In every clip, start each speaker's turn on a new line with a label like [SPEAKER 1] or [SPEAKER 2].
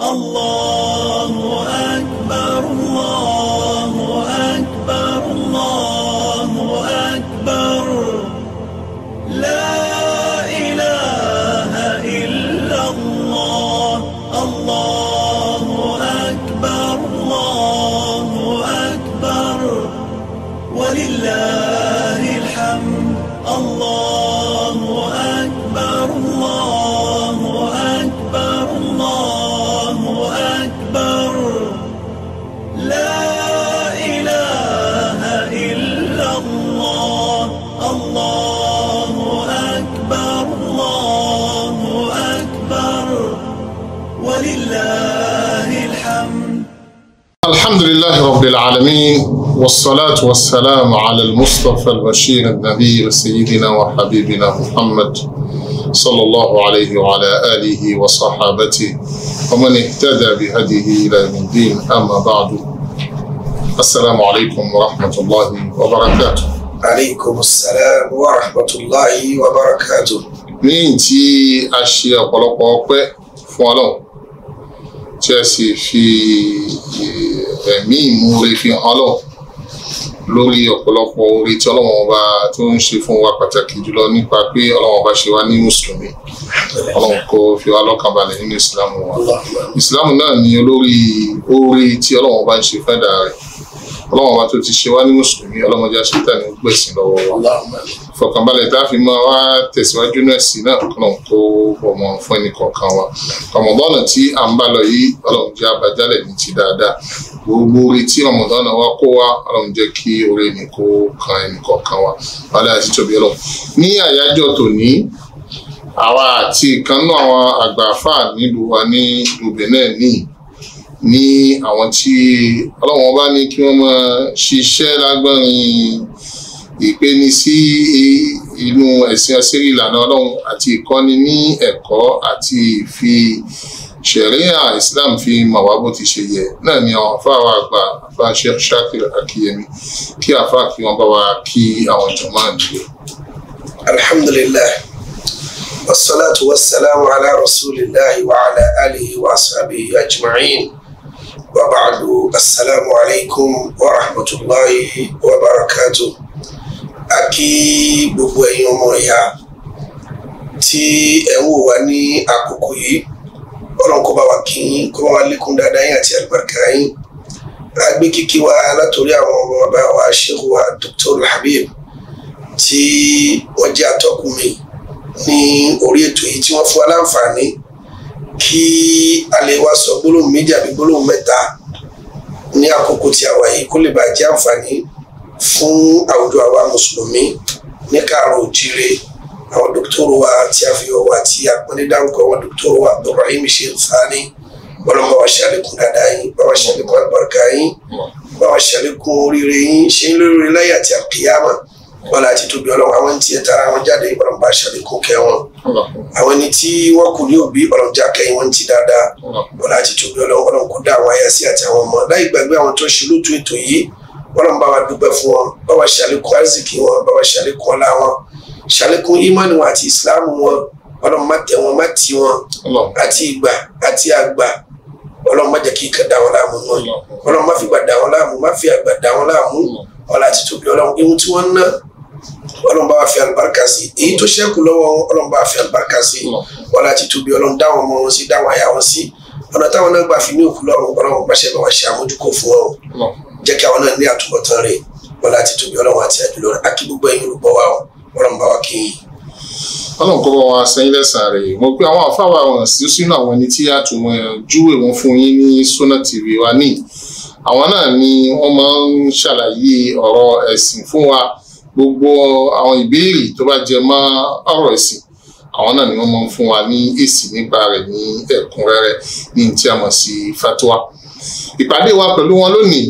[SPEAKER 1] الله أكبر
[SPEAKER 2] رب العالمين والصلاة والسلام على المصطفى البشير النبي سيدنا وحبيبنا محمد صلى الله عليه وعلى آله وصحابته ومن اهتدى بهديه إلى من دين أما بعد السلام عليكم ورحمة الله وبركاته عليكم السلام ورحمة الله وبركاته مين تي أشياء قلقوا ọ̀pọ̀lọpọ̀ ọpẹ́ tí a sì fi eh, ẹ̀mí ìmúre fi hàn lọ lórí ọ̀pọ̀lọpọ̀ orí tí ọlọ́wọ́n ọba tó ń ṣe fún wa pàtàkì jùlọ nípa pé ọlọ́wọ́n ọba ṣe wá ní mùsùlùmí ọlọ́wọ́n kò fi wá lọ́kàn balẹ̀ nínú ìsìlámù wa ìsìlámù náà ni olórí orí tí ọlọ́wọ́n ọba ń ṣe fẹ́dà rẹ̀ ọlọ́wọ́n ọba tó ti ṣe wá ní mùsùlùmí ọlọ́mọdé aṣèta ní gbẹ̀sìn lọ́wọ́ wa ìfọ̀kànbalẹ̀ tá a fi máa wá tẹ̀síwájú náà sí náà kọ́nà kó orúkọ ọmọ fún ẹnì kọ̀ọ̀kan wa ọmọdọ́nà tí à ń bá lọ yìí ọlọ́run àbájálẹ̀ ní ti dáadáa gbogbo orí ọmọdọ́nà wa kó wa ọlọ́run jẹ́ kí orí ẹnì kó kan ẹnì kọ̀ọ̀kan wa wàlẹ́ àti tóbi ọlọ́run ní àyájọ́ tòní àwa àti ìkànnú àwọn àgbààfà nílùú wa ní ìlú Benin níyì ní àwọn tí ọlọ́wọ́n bá ní kí wọ́n máa ṣiṣẹ́ lágbọ́nrin ìpeni sí inú ẹ̀sìn ẹsẹ̀rí ìlànà ọlọ́run àti ìkọ́ni ní ẹ̀kọ́ àti ìfi ṣẹ̀ríà islam fi mọ̀ wá bó ti ṣe yẹ náà ni àwọn àfáà wa àgbà àfáà Sheikh Shakir Akiyemi
[SPEAKER 3] kí àfáà kí wọ́n bá wa kí àwọn jọ̀mọ́ àdúgbò. alhamdulillah wasalaatu wasalaamu ala rasulillahi wa ala alihi wa ashabihi ajma'in wa ba'du assalamu alaykum wa rahmatulahi wa barakatuh a kí gbogbo ẹ̀yin ọmọ ìyá tí ẹ̀ ń wò wá ní àkókò yìí ọlọ́run kó bá wa kí yín kó bá wa lékún dáadáa yín àti àlùbáríkà yín a gbé kíkí wa látòrí àwọn ọmọ bàbá wa ṣéwù wa Dr. Habib tí wọ́n jẹ́ atọ́kùn mi ní orí ètò yìí tí wọ́n fún wa láǹfààní kí a lè wá sọ gbólóhùn méjì àbí gbólóhùn mẹ́ta ní àkókò tí a wà yìí kó lè bàa jẹ́ àǹfààní fún àwùjọ àwa mùsùlùmí ní káàrọ̀ òjire àwọn dókítọ̀rù wa tí a fi ọwọ́ àti àpọ́nlé dárúkọ àwọn dókítọ̀rù wa Ibrahim Sheikh Sani bọ́lọ́mọ wa ṣàlékún dáadáa yín bá wa ṣàlékún àlùbáríkà yín bá wa ṣàlékún oríire yín ṣe ń lórí láyé àti àkíyàmà wọn láti tóbi Ọlọ́run àwọn tí ẹ tara wọn jáde Ọlọ́run bá ṣàlékún kẹ́ wọn àwọn ẹni tí wọn kò ní òbí Ọlọ́run já kẹ́yìn wọn ti dáadáa wọn láti tóbi Ọlọ́run Ọlọ́run dá àwọn ayé sí àti àwọn ọmọ láì gbàgbé àwọn tó ṣe lótú ètò yìí ọlọ́run bá wa dúpẹ́ fún wọn bá wa ṣàlékún àìsíkì wọn bá wa ṣàlékún ọlá wọn ṣàlékún ìmánì wọn àti ìsìláàmù wọn ọlọ́run má tẹ̀ wọn má tì wọn àti ìgbà àti àgbà ọlọ́run má jẹ́ kí ìkà dá wọn láàmú wọn ọlọ́run má fi ìgbà dá wọn láàmú má fi àgbà dá wọn láàmú ọlá àti tóbi ọlọ́run ihun tí wọ́n ná ọlọ́run bá wa fi àlùbáríkà sí èyí tó ṣẹ́kù lọ́wọ́ ọlọ́run bá wa fi àlùbáríkà sí ọlá àti tóbi ọlọ́run dá wọn mọ́ wọn sí dá wọn àyà wọn sí ọ̀nà táwọn náà gbà fi ní òkú lọ́rùn ọlọ́run bá ṣe bá wa ṣe àmójúkò fún ọ jẹ́ kí àwọn náà ní àtúbọ̀tán rẹ̀ wọn láti tóbi ọlọ́run àti àdúrà rẹ̀ àti gbogbo ẹ̀yin olùgbọ́ wa ọ ọlọ́run bá wa kí yín.
[SPEAKER 2] ọlọ́run kọ́ bá wọn sẹ́yìn lẹ́sàn-án rẹ̀ mo pé àwọn àfáwà wọn sí sínú àwọn ẹni tí a tún júwèé wọn fún yín ní Sunna TV wa ní àwọn náà ni wọ́n máa ń ṣàlàyé ọ̀rọ̀ ẹ̀sìn fún wa gbogbo àwọn ìbéèrè tó bá jẹ mọ́ ọ̀rọ̀ ẹ̀sìn àwọn náà ni wọ́n máa ń fún wa ní èsì nípa rẹ̀ ní ẹ̀kúnrẹ́rẹ́ ní tí a sí fatwa ìpàdé wa pẹ̀lú wọn lónìí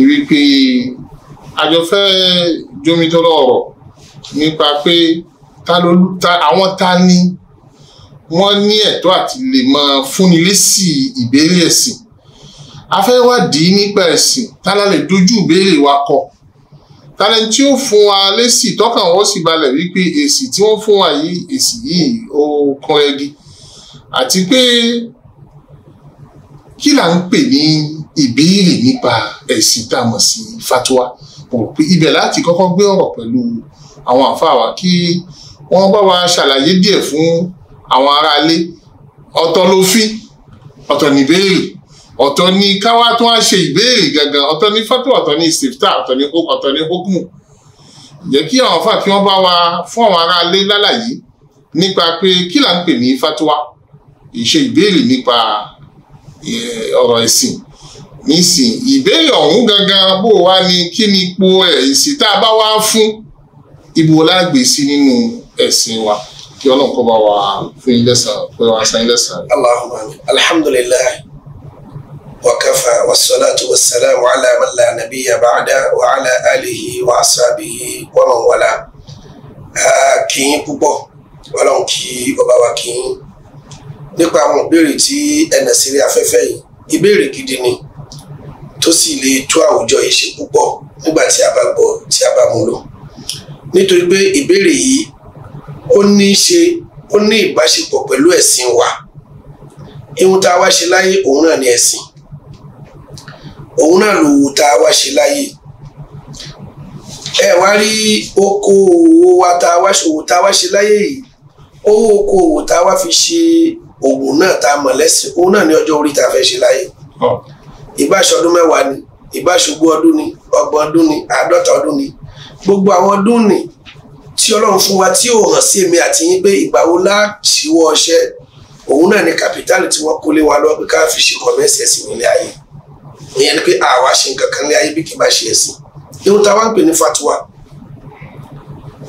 [SPEAKER 2] ni wípé àjọfẹ́ jomitoro ọ̀rọ̀ nípa pé àwọn ta ni wọ́n ní ẹ̀tọ́ àti lè máa fúnni lésì ìbéèrè ẹ̀sìn afẹ́wádìí nípa ẹ̀sìn tálá lè dojú ìbéèrè wa kọ tálá tí ó fún wa lésì tọ́kàn wọ́n sì balẹ̀ wípé èsì tí wọ́n fún wa yìí èsì yìí ó kún ẹgi àti pé kí là ń pè ní ìbéèrè nípa ẹ̀sìn tá a mọ̀ sí fatuwa mo rò pé ibẹ̀ láti kọ́kọ́ gbé ọ̀rọ̀ pẹ̀lú àwọn àfáà wa kí wọ́n bá wa ṣàlàyé díẹ̀ fún àwọn aráalé ọ̀tọ̀ lófin ọ̀tọ̀ níbéèrè ọ̀tọ̀ ni káwá tó wá ṣe ìbéèrè gangan ọ̀tọ̀ ni fatuwa ọ̀tọ̀ ni istifta ọ̀tọ̀ ni ọ̀tọ̀ ni hukumu jẹ́ kí àwọn àfáà kí wọ́n bá wa fún àwọn aráalé lálàyé nípa pé kí là ń pè ní fatuwa ìṣe ìbéèrè nípa ọ̀rọ̀ ẹ̀sìn nísìn ìbéèrè ọ̀hún gangan bó wá ní kí ni ipò ẹ̀sìn tá a bá wá fún ibo lágbè sí nínú ẹ̀sìn
[SPEAKER 3] wa kí ọlọ́run kó bá wa fún yín pé wá san lẹ́sàn-án. alhamdulilayi wa kafa wa salatu wa salamu ala man la nabiyya wa ala alihi wa ashabihi wa man wala púpọ̀ ọlọ́run kí ọba wa kí nípa àwọn ìbéèrè tí ẹnà sírí afẹ́fẹ́ yìí ìbéèrè gidi ni tó sì lè tó àwùjọ yìí ṣe púpọ̀ nígbà tí a bá gbọ́ tí a bá mú lò nítorí pé ìbéèrè yìí ó ní ṣe ó ní ìbáṣepọ̀ pẹ̀lú ẹ̀sìn wa ihun tá a wá ṣe láyé òun náà ni ẹ̀sìn òun náà lòwò tá a wá ṣe láyé ẹ wá rí oko òwò wa tá a wá ṣòwò tá a wá ṣe láyé yìí owó oko òwò tá a wá fi ṣe òwò náà tá a mọ̀ lẹ́sìn òun náà ni ọjọ́ orí tá a fẹ́ ṣe láyé. Oh ìbáṣọdún mẹ́wàá ni ìbáṣogún ọdún ni ọgbọ̀n ọdún ni àádọ́ta ọdún ni gbogbo àwọn ọdún ni tí ọlọ́run fún wa tí ò hàn sí èmi àti yín pé ìgbà wo láṣìwọ́ ọṣẹ òun náà ni kàpítàlì tí wọ́n kó lé wa lọ́wọ́ pé ká fi ṣe kọ̀mẹ́sì ẹ̀sìn nílé ayé ìyẹn ni pé àwa ṣe nǹkan kan lé ayé bí kì í bá ṣe ẹ̀sìn ihun táwa ń pè ní fatuwa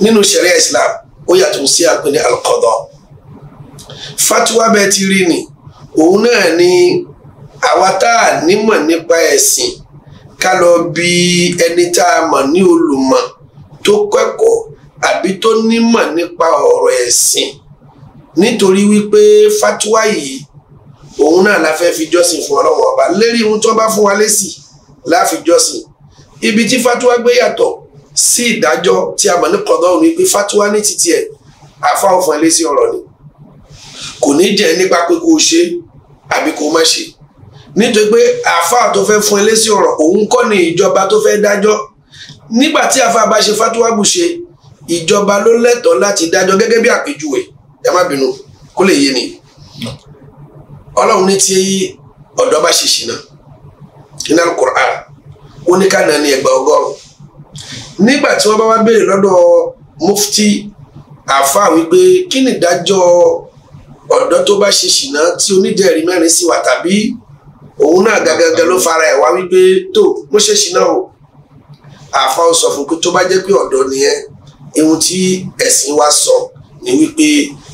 [SPEAKER 3] nínú ṣẹ̀ríà Islam ó yàtọ̀ sí àpè ní alqada fatuwa bẹ́ẹ̀ ti rí ni òun náà ni àwa tá a nímọ̀ nípa ẹ̀sìn ká lọ bi ẹni tá a mọ̀ ní olùmọ̀ tó kẹ́kọ̀ọ́ àbí tó nímọ̀ nípa ọ̀rọ̀ ẹ̀sìn nítorí wípé fatuwa yìí òun náà la fẹ́ fi jọ́sìn fún ọlọ́wọ́ ọba lérí ohun tó bá fún wa lésì la jọ́sìn ibi tí fatuwa gbé yàtọ̀ sí ìdájọ́ tí a mọ̀ ní kọ̀dọ̀ òun wípé fatuwa ní títí ẹ̀ àfa òfin lésì ọ̀rọ̀ ni kò ní jẹ́ nípa pé kó o ṣe àbí kó má ṣe nítorí pé àáfàá tó fẹ́ fún ẹlẹ́sì ọ̀rọ̀ òun kọ́ ni ìjọba tó fẹ́ dájọ́ nígbà tí àáfàá bá ṣe fatuwabu ṣe ìjọba ló lẹ́tọ̀ọ́ láti dájọ́ gẹ́gẹ́ bí àpèjúwe ẹ má bínú kó lè yé ni ọlọ́run ní tí ọ̀dọ́ bá ṣe ṣìnà iná Qur'an ó ní ká ọgọ́rùn nígbà tí wọ́n bá wá béèrè lọ́dọ̀ mufti àáfàá wípé kí ni ìdájọ́ ọ̀dọ́ tó bá ṣe ṣìnà tí onídẹ̀ẹ́rì mẹ́rin sì wà tàbí òun náà gangan ló fara ẹ̀ wá wípé tó mo ṣe ṣìnà o àfa ó sọ fún pé tó bá jẹ́ pé ọ̀dọ́ nìyẹn ihun tí ẹ̀sìn wa sọ ni wípé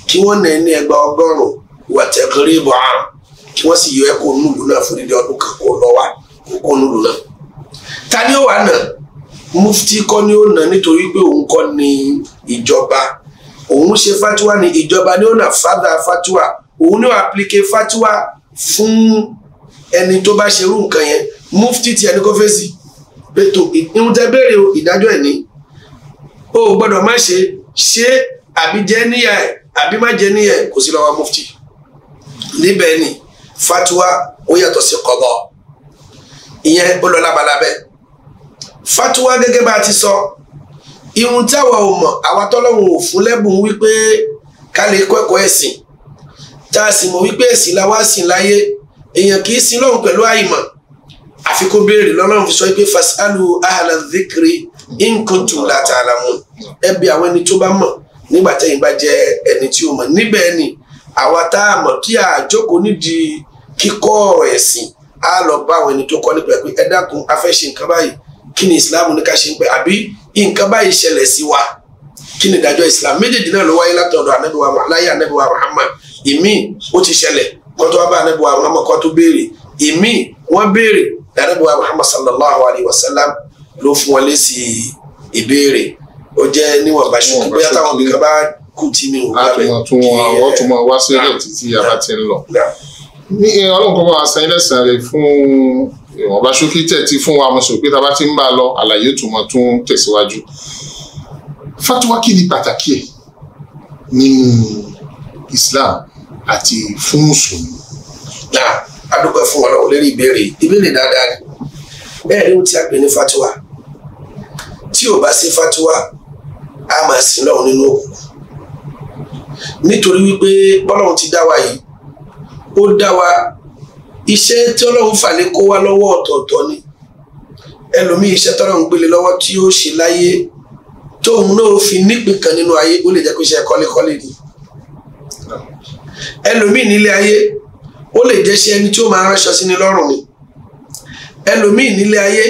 [SPEAKER 3] kí wọ́n nà ẹ́ ní ẹgbàá ọgọ́rùn-ún wà tẹ̀kẹ́rẹ́ ìbọn àrùn kí wọ́n sì yọ ẹ́ kó nùlù náà fún ìdí ọdún kan kó lọ kó nùlù náà ta ni ó wà náà mufti kọ́ ni ó nà nítorí pé òun kọ́ ni ìjọba òun ṣe fatiwa ni ìjọba ni ó nà fada fatiwa òun ni ó àplike fatiwa fún ẹni tó bá ṣerú nǹkan yẹn mufti ti ẹni kó fèsì ètò ìtẹ béèrè ìdájọ́ ẹ̀ o gbọ́dọ̀ má ṣe ṣe àbí jẹ́ níyà ẹ̀ àbí má jẹ́ níyà ẹ̀ kò sí lọ́wọ́ mufti níbẹ̀ ni fatuwa ó yàtọ̀ sí kọ́bọ̀ ìyẹn ó lọ lábalábẹ́ fatuwa gẹ́gẹ́ bá a ti sọ ihun táwa ò mọ̀ àwa tọ́lọ́hún ò fún lẹ́bùn wípé ká lè kọ́ ẹ̀kọ́ ẹ̀sìn tá a sì mọ̀ wípé ẹ̀sìn la wá sìn láyé èèyàn kì í sin lọ́hùn pẹ̀lú àìmọ̀ àfi kó béèrè lọ́nà fi sọ pé fasalu ahla dhikri in kuntum la ta'lamun ẹ bi àwọn ẹni tó bá mọ̀ nígbà tẹ́yìn bá jẹ́ ẹni tí ó mọ̀ níbẹ̀ ni àwa tá a mọ̀ tí a jókòó nídìí kíkọ́ ọ̀rọ̀ ẹ̀sìn a lọ bá àwọn ẹni tó kọ́ nípa ẹ̀ ẹ dákun a ṣe nǹkan báyìí kí ni islam ní ká ṣe ń pẹ́ àbí nǹkan báyìí ṣẹlẹ̀ sí wa kí ni ìdájọ́ islam méjèèjì náà ló wáyé látọ̀dọ̀ anábìwá láyé anábìwá muhammad ìmí ó ti ṣẹlẹ̀ wọ́n tó wá bá anábìwá àwọn ọmọkọ́ tó béèrè èmi wọ́n béèrè anábìwá Muhammad sallallahu alayhi wa sallam ló fún wọn lésì ìbéèrè ó jẹ́ níwọ̀nba ṣùgbọ́n bóyá táwọn ibìkan bá kù tí mi ò gbà bẹ́ẹ̀. àwọn tó máa wá sílẹ̀ títí yàrá ti ń lọ.
[SPEAKER 2] ní ọlọ́run kan máa sẹ́yìn lẹ́sàn-án rẹ̀ fún ìwọ̀nba ṣókí tẹ̀ fún wa mo sọ pé tá a bá ti ń bá a lọ àlàyé tó mọ tún tẹ̀síwájú. fatuwa kí ni pàtàkì ẹ̀ nínú Islam àti fún mùsùlùmí náà
[SPEAKER 3] adúpẹ́ fún wọn náà lérí ìbéèrè ìbéèrè dáadáa ni bẹ́ẹ̀ ni ó ti àgbẹ̀ ní fatuwa tí ò bá sí fatuwa a máa sin lọ́run nínú òkùnkùn nítorí wípé bọ́lọ́run ti dá wa yìí ó dá wa iṣẹ́ tí ọlọ́run fàlẹ́ kó wá lọ́wọ́ ọ̀tọ̀ọ̀tọ̀ ni ẹlòmíì iṣẹ́ tọ́lọ́run gbélé lọ́wọ́ tí ó ṣe láyé tóun náà fi nípìn kan nínú ayé ó lè jẹ́ pé iṣẹ́ kọ́lékọ́lé ni ẹlòmíì nílé ayé ó lè jẹ́ sí ẹni tí ó máa ránṣọ sí ni lọ́rùn ni ẹlòmíì nílé ayé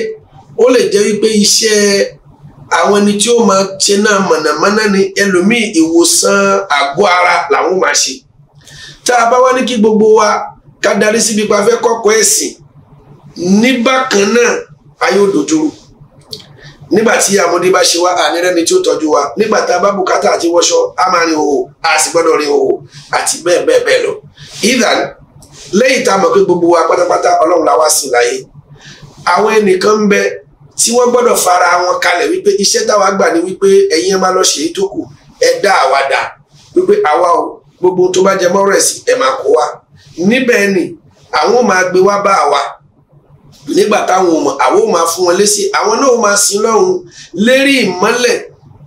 [SPEAKER 3] ó lè jẹ́ wípé iṣẹ́ àwọn ẹni tí ó máa ṣe náà mọ̀nàmọ́ná ni ẹlòmíì ìwòsàn àgọ́ ara làwọn máa ṣe tá a bá wá ní kí gbogbo wa ká darí síbi pa fẹ́ kọ́kọ́ ẹ̀sìn ní bákan náà ayé òdòdó nígbà tí àmúdé bá ṣe wá ànírẹ́ni tí ó tọ́jú wa nígbà tá a bá bùkátà àti wọṣọ a máa rin òwò a sì gbọ́dọ̀ rin òwò àti bẹ́ẹ̀ bẹ́ẹ̀ bẹ́ẹ̀ lọ. ìdàn lẹ́yìn tá a mọ̀ pé gbogbo wa pátápátá ọlọ́run la wá sí láyé àwọn ẹnìkan ń bẹ tí wọ́n gbọ́dọ̀ fara wọn kalẹ̀ wípé iṣẹ́ táwa gbà ni wípé ẹ̀yin ẹ máa lọ ṣèyí tó kù ẹ dá àwa dà wípé àwa o gbogbo tó bá jẹ mọ́rọ̀ ẹ̀sìn ẹ̀ máa kó wa níbẹ̀ ni àwọn máa gbé wá bá àwa nígbà táwọn ọmọ àwọn ò máa fún wọn lésì àwọn náà ò máa sin lọ́hùn lérí ìmọ́lẹ̀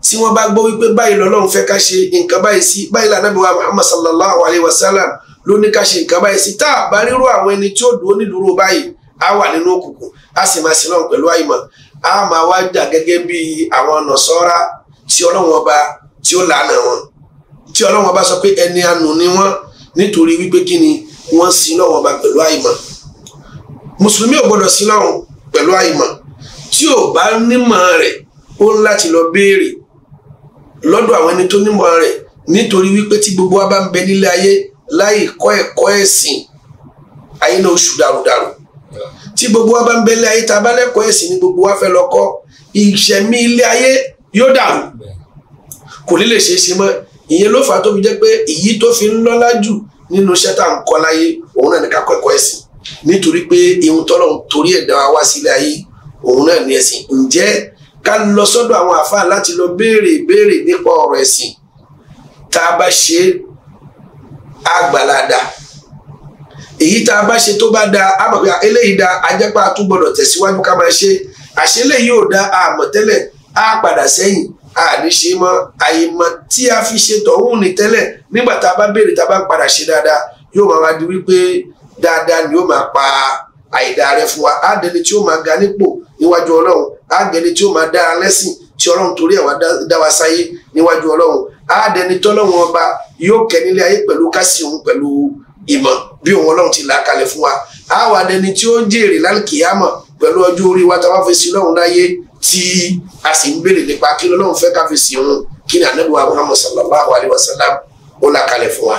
[SPEAKER 3] tí wọ́n bá gbọ́ wípé báyìí lọ́lọ́run fẹ́ ká ṣe nǹkan báyìí sí báyìí lànà wa Muhammad sallallahu alayhi wa sallam ló ní ká ṣe nǹkan báyìí sí tá a bá rírú àwọn ẹni tí ó dúró nídúró báyìí á wà nínú òkùnkùn á sì máa sin lọ́hùn pẹ̀lú àìmọ̀ á máa wá jà gẹ́gẹ́ bí àwọn nọ̀sọ́ra tí ọlọ́run ọba tí ọlọ́run ọba sọ pé ẹni ni wọ́n nítorí ni wọ́n sin lọ́wọ́ ọba mùsùlùmí ò gbọdọ̀ sí lọ́run pẹ̀lú àìmọ̀ tí ò bá nímọ̀ rẹ̀ ó ń láti lọ béèrè lọ́dọ̀ àwọn ẹni tó nímọ̀ rẹ̀ nítorí wípé tí gbogbo wa bá ń bẹ nílé ayé láì kọ́ ẹ̀kọ́ ẹ̀sìn ayé náà oṣù dàrúdàrú tí gbogbo wa bá ń bẹ nílé ayé tá a ni gbogbo wa fẹ́ lọ kọ́ ìṣẹ̀mí ilé ayé yóò dàrú kò ní lè ṣeé ṣe mọ́ ìyẹn ló fà á tó fi pé èyí tó fi ń lọ́lá jù nínú iṣẹ́ tá à ń kọ́ láyé òun náà ní ká kọ́ ẹ̀kọ́ ẹ̀sìn nítorí pé ihun tọ́lọ̀ torí ẹ̀dá wa wá sílẹ̀ ayé òun náà ní ẹ̀sìn ǹjẹ́ ká lọ sọ́dọ̀ àwọn àfáà láti lọ béèrè béèrè nípa ọ̀rọ̀ ẹ̀sìn tá a bá ṣe àgbàládà èyí tá a bá ṣe tó bá da a mọ̀ pé eléyìí da ajẹ́pá tún gbọ́dọ̀ tẹ̀síwájú ká máa ṣe àṣẹlẹ̀ yìí ò da àmọ̀ á padà sẹ́yìn àníṣe mọ́ àyèmọ̀ tí a fi ṣe tọ̀hún ní tẹ́lẹ̀ nígbà tá a bá béèrè tá a bá padà ṣe dáadáa yóò máa wá di wípé dáadáa ni ó máa pa àìdá rẹ fún wa á dẹni tí ó máa ga nípò níwájú ọlọ́run á dẹni tí ó máa dára lẹ́sìn tí ọlọ́run torí ẹ̀wà dá wa sáyé níwájú ọlọ́run á dẹni tọ́lọ́run ọba yóò kẹ́ nílé ayé pẹ̀lú kásì òun pẹ̀lú ìmọ̀ bí òun ọlọ́run ti là kalẹ̀ fún wa á wà dẹni tí ó ń jèrè lálùkìyàmọ̀ pẹ̀lú ọjọ́ orí wa táwa fèsì lọ́run láyé tí a sì ń béèrè nípa kí lọ́run fẹ́ káfíìsì òun kí ni ànábì wa Muhammad sallallahu alayhi wa sallam
[SPEAKER 2] ó là kalẹ̀ fún wa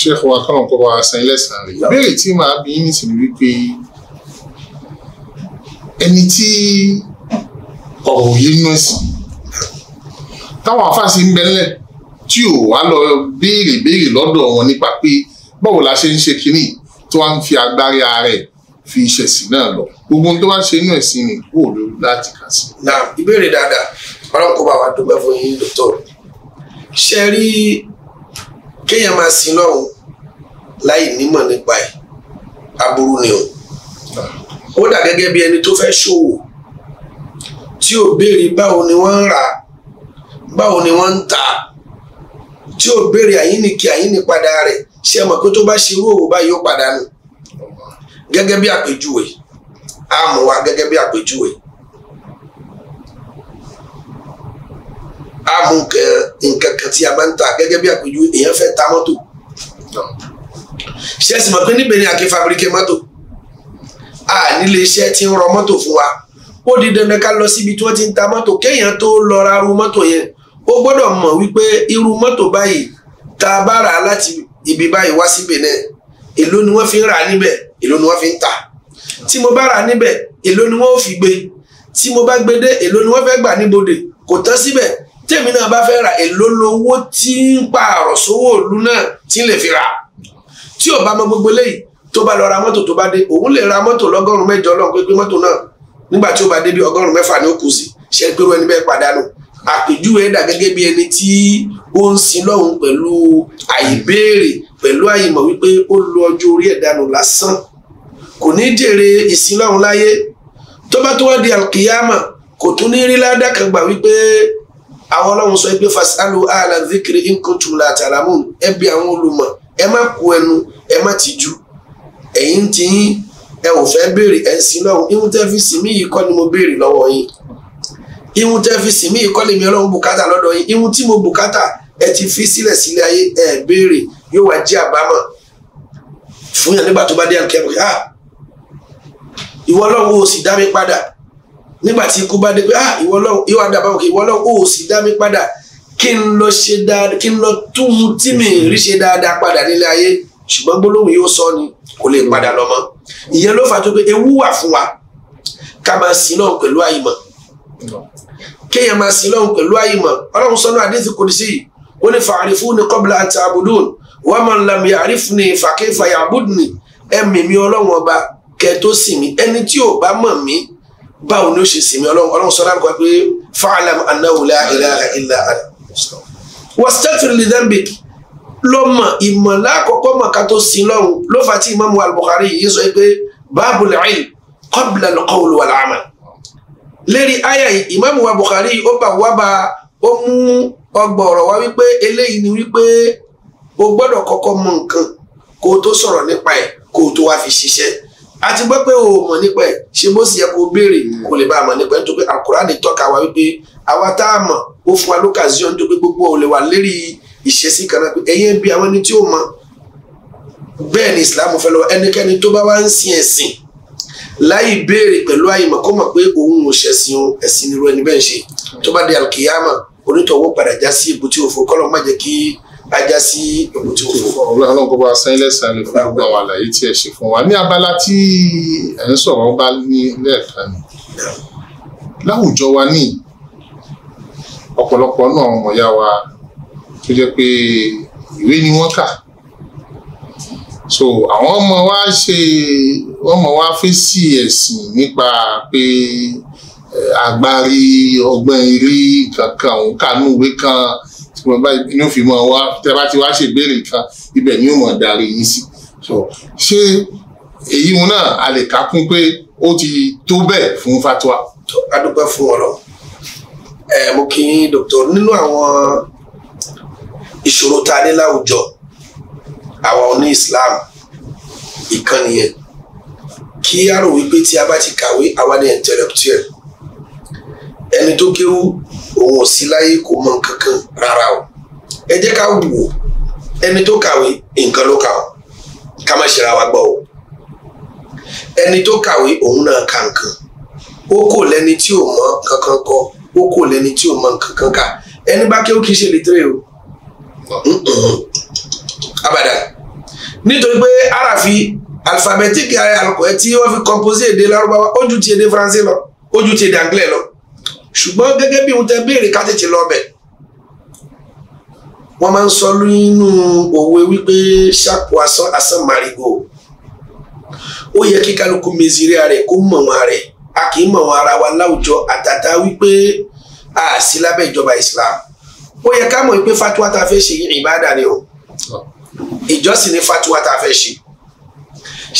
[SPEAKER 2] ṣéèkù wa kọ́nà kó bá wa san ilé ìsàn rẹ̀ ìbéèrè tí màá bí yín nìsín wípé ẹni tí ọ̀rọ̀ yìí nú ẹ̀sìn táwọn afáàsì ń bẹ́lẹ̀ tí ò wá lọ béèrè béèrè lọ́dọ̀ wọn nípa pé báwo la ṣe ń ṣe kínní tó wá ń fi agbárí ara ẹ̀ fi ìṣẹ̀sìn náà lọ gbogbo tó bá ṣe inú ẹ̀sìn ni kó o lò láti kà sí.
[SPEAKER 3] na ìbéèrè dáadáa ọlọ́run kó bá wa dúpẹ́ fún yín dókítà ṣe rí kéèyàn máa sin lọ́hùn láì nímọ̀ nípa ẹ̀ aburú ni o ó dà gẹ́gẹ́ bí ẹni tó fẹ́ ṣòwò tí ò béèrè báwo ni wọ́n ń rà báwo ni wọ́n ń tà tí ò béèrè àyíníkì àyíní rẹ̀ ṣe é mọ̀ pé tó bá ṣe irú òwò báyìí ó padà nù gẹ́gẹ́ bí àpèjúwe àmọ́ wa gẹ́gẹ́ bí àpèjúwe á mú nǹkan nǹkan kan tí a máa ń ta gẹ́gẹ́ bí àpèjú èèyàn fẹ́ ta mọ́tò ṣé ẹ sì mọ̀ pé níbẹ̀ ni àké fabrike mọ́tò a nílé iṣẹ́ tí ń rọ mọ́tò fún wa ó di dandan ká lọ síbi tí wọ́n ti ń ta mọ́tò kéèyàn tó lọ ra irú mọ́tò yẹn ó gbọ́dọ̀ mọ̀ wípé irú mọ́tò báyìí tá a bá rà á láti ibi báyìí wá síbẹ̀ náà èló ni wọ́n fi ń rà níbẹ̀ èló ni wọ́n fi ń tà tí mo bá rà níbẹ̀ èló ni wọ́n ò fi gbé tí mo bá gbé dé èló ni wọ́n fẹ́ gbà níbodè kò tán síbẹ̀ tèmi náà bá fẹ́ ra èlò lowó tí ń pààrọ̀ sówó ìlú náà tí ń lè fi ra tí ò bá mọ gbogbo léyìí tó bá lọ ra mọ́tò tó bá dé òun lè ra mọ́tò lọ́gọ́rùn-ún mẹ́jọ lọ́n pé pé mọ́tò náà nígbà tí ó bá dé bí ọgọ́rùn-ún mẹ́fà ni ó kù sí ṣe pé wọ́n ẹni bẹ́ẹ̀ pàdánù àpèjúwe dà gẹ́gẹ́ bí ẹni tí ó ń sin lọ́hùn pẹ̀lú àìbéèrè pẹ̀lú àìmọ̀ wípé ó lo ọjọ́ orí ẹ̀ lásán kò ní jèrè ìsin láyé tó bá tó wá di àkìyàmà kò tún ní rí ládàkàgbà wípé àwọn ọlọ́run sọ pé fasalu ala zikiri inkuntum la talamun ẹ bí àwọn olùmọ̀ ẹ má kó ẹnu ẹ má tìjú ẹ̀yin ti yín ẹ ò fẹ́ béèrè ẹ̀ sí lọ́wọ́ ihun tẹ́ fi sìn mí yìí kọ́ ni mo béèrè lọ́wọ́ yín ihun tẹ́ fi sìn mí yìí kọ́ lèmi ọlọ́run bùkátà lọ́dọ̀ yín ihun tí mo bùkátà ẹ ti fi sílẹ̀ sílẹ̀ ayé ẹ béèrè yóò wá jẹ́ àbámọ̀ fún yàn nígbà tó bá dé àkẹ́kọ̀ọ́ ah! ìwọ ọlọ́run ò sì dá mi padà nígbà tí ikú bá dé pé ah ìwọ Ọlọ́run yóò wá dà báwọn kì ìwọ Ọlọ́run ó sì dá mi padà kí n lọ ṣe dáadáa kí n lọ tún tí mi rí ṣe dáadáa padà nílé ayé ṣùgbọ́n gbólóhùn yóò sọ ni kò lè padà lọ mọ́ ìyẹn ló fà tó pé ewu wà fún wa ká máa sin náà pẹ̀lú àìmọ̀ kéèyàn máa sin náà pẹ̀lú àìmọ̀ ọlọ́run sọ́nà àdéhùn kò ní sí ó ní fa'arifuni qabla an ta'budun wa man lam ya'rifni fa kayfa ya'budni ẹ̀mí mi ọlọ́run ọba kẹ́ tó sìn mí ẹni tí ò bá mọ̀ mí báwo ló ṣe sinmi ọlọ́run ọlọ́run sọ lábẹ́ kan pé fa'lam annahu la ilaha illa anta wastaghfir li dhanbik ló mọ ìmọ̀lá àkọ́kọ́ mọ̀ ká tó sin lọ́run ló fà tí Imam al-Bukhari yìí sọ pé babul ilm qabla al-qawl wal amal lérí àyà yìí Imam wa ó bá wá bá ó mú ọgbà ọ̀rọ̀ wá wípé eléyìí ni wípé o gbọ́dọ̀ kọ́kọ́ mọ nǹkan kó o tó sọ̀rọ̀ nípa ẹ̀ kó o tó wá fi ṣiṣẹ́ a ti gbọ́ pé o mọ̀ nípa ẹ̀ ṣe bó sì yẹ kó o béèrè kó lè bá a mọ̀ nípa ẹ̀ nítorí àkùránì tọ́ka wa wípé àwa tá a mọ̀ ó fún wa lókàzí ọ̀n dópé gbogbo ò lè wà lérí ìṣesí kan náà pé ẹ̀yẹ́ bí àwọn ẹni tí ó mọ̀ bẹ́ẹ̀ ni Islam fẹ́ lọ ẹnikẹ́ni tó bá wá ń sin ẹ̀sìn láì béèrè pẹ̀lú àyìnbọ̀ kó mọ̀ pé òun ò ṣẹ̀sìn ẹ̀sìn irú ẹni bẹ́ẹ̀ ṣe tó bá di alkiyama onítọ̀wọ́ padà já sí ibùtí òfò kọ́lọ́ má jẹ́ kí ajá sí òun tí ó fò. ọlọ́run kó bá sẹ́yìn lẹ́sàn-án lè gbogbo àwọn àlàyé tí ẹ
[SPEAKER 2] ṣe fún wa ní abala tí ẹ̀ ń sọ̀rọ̀ bá ní lẹ́ẹ̀kan ni láwùjọ wa ní ọ̀pọ̀lọpọ̀ náà ọmọ ìyá wa tó jẹ́ pé ìwé ni wọ́n kà so àwọn ọmọ wa ṣe ọmọ wa fèsì ẹ̀sìn nípa pé agbárí ọgbọ́n eré kankan òun kà núwèé kan. Ka, fún ẹ báyìí ni ó fi mọ wá tẹ bá ti wá ṣe ìbéèrè nǹkan ibẹ̀ ni ó mọ̀ darí yín sí so ṣé èyí wọn náà a lè kà kún pé ó ti tó bẹ́ẹ̀ fún fatwa. a
[SPEAKER 3] dúpẹ́ fún ọ̀rọ̀ ẹ mo kí n dòkítọ̀ nínú àwọn ìṣòro tá a ní láwùjọ àwa oní Islam ìkànnì yẹn kí a rò wípé tí a bá ti kàwé àwa ni intellectual ẹni tó kéwú òun ò sí láyé kò mọ nǹkan kan rárá o ẹ jẹ́ ká wò ó ẹni tó kàwé nǹkan ló kà ó ká má ṣe ra wa gbọ́ o ẹni tó kàwé òun náà ka nǹkan ó kò lẹ́ni tí ò mọ kankan kọ ó kò lẹ́ni tí ò mọ kankan kà ẹni bá kéwú kì í ṣe lítírè o abada nítorí pé àràfi alifabẹtíkì ayé eh, alukọ ẹ tí wọn fi kọmpósí èdè Lárúbáwá ó ju ti èdè faransé lọ ó ti èdè anglais lọ ṣùgbọ́n gẹ́gẹ́ bí ohun tẹ béèrè ká tètè lọ bẹ̀ wọ́n máa ń sọ nínú òwe wípé ṣàpò asán asán màrìgò ó yẹ kí kálukú meziri rẹ̀ kó mọ̀ wọn rẹ̀ a kì í mọ̀ wọn ara wa láwùjọ àtàtà wípé a sí lábẹ́ ìjọba Islam ó yẹ ká mọ̀ wípé fatuwa tá fẹ́ ṣe ìbádà ni o ìjọsìn ni fatuwa tá a fẹ́ ṣe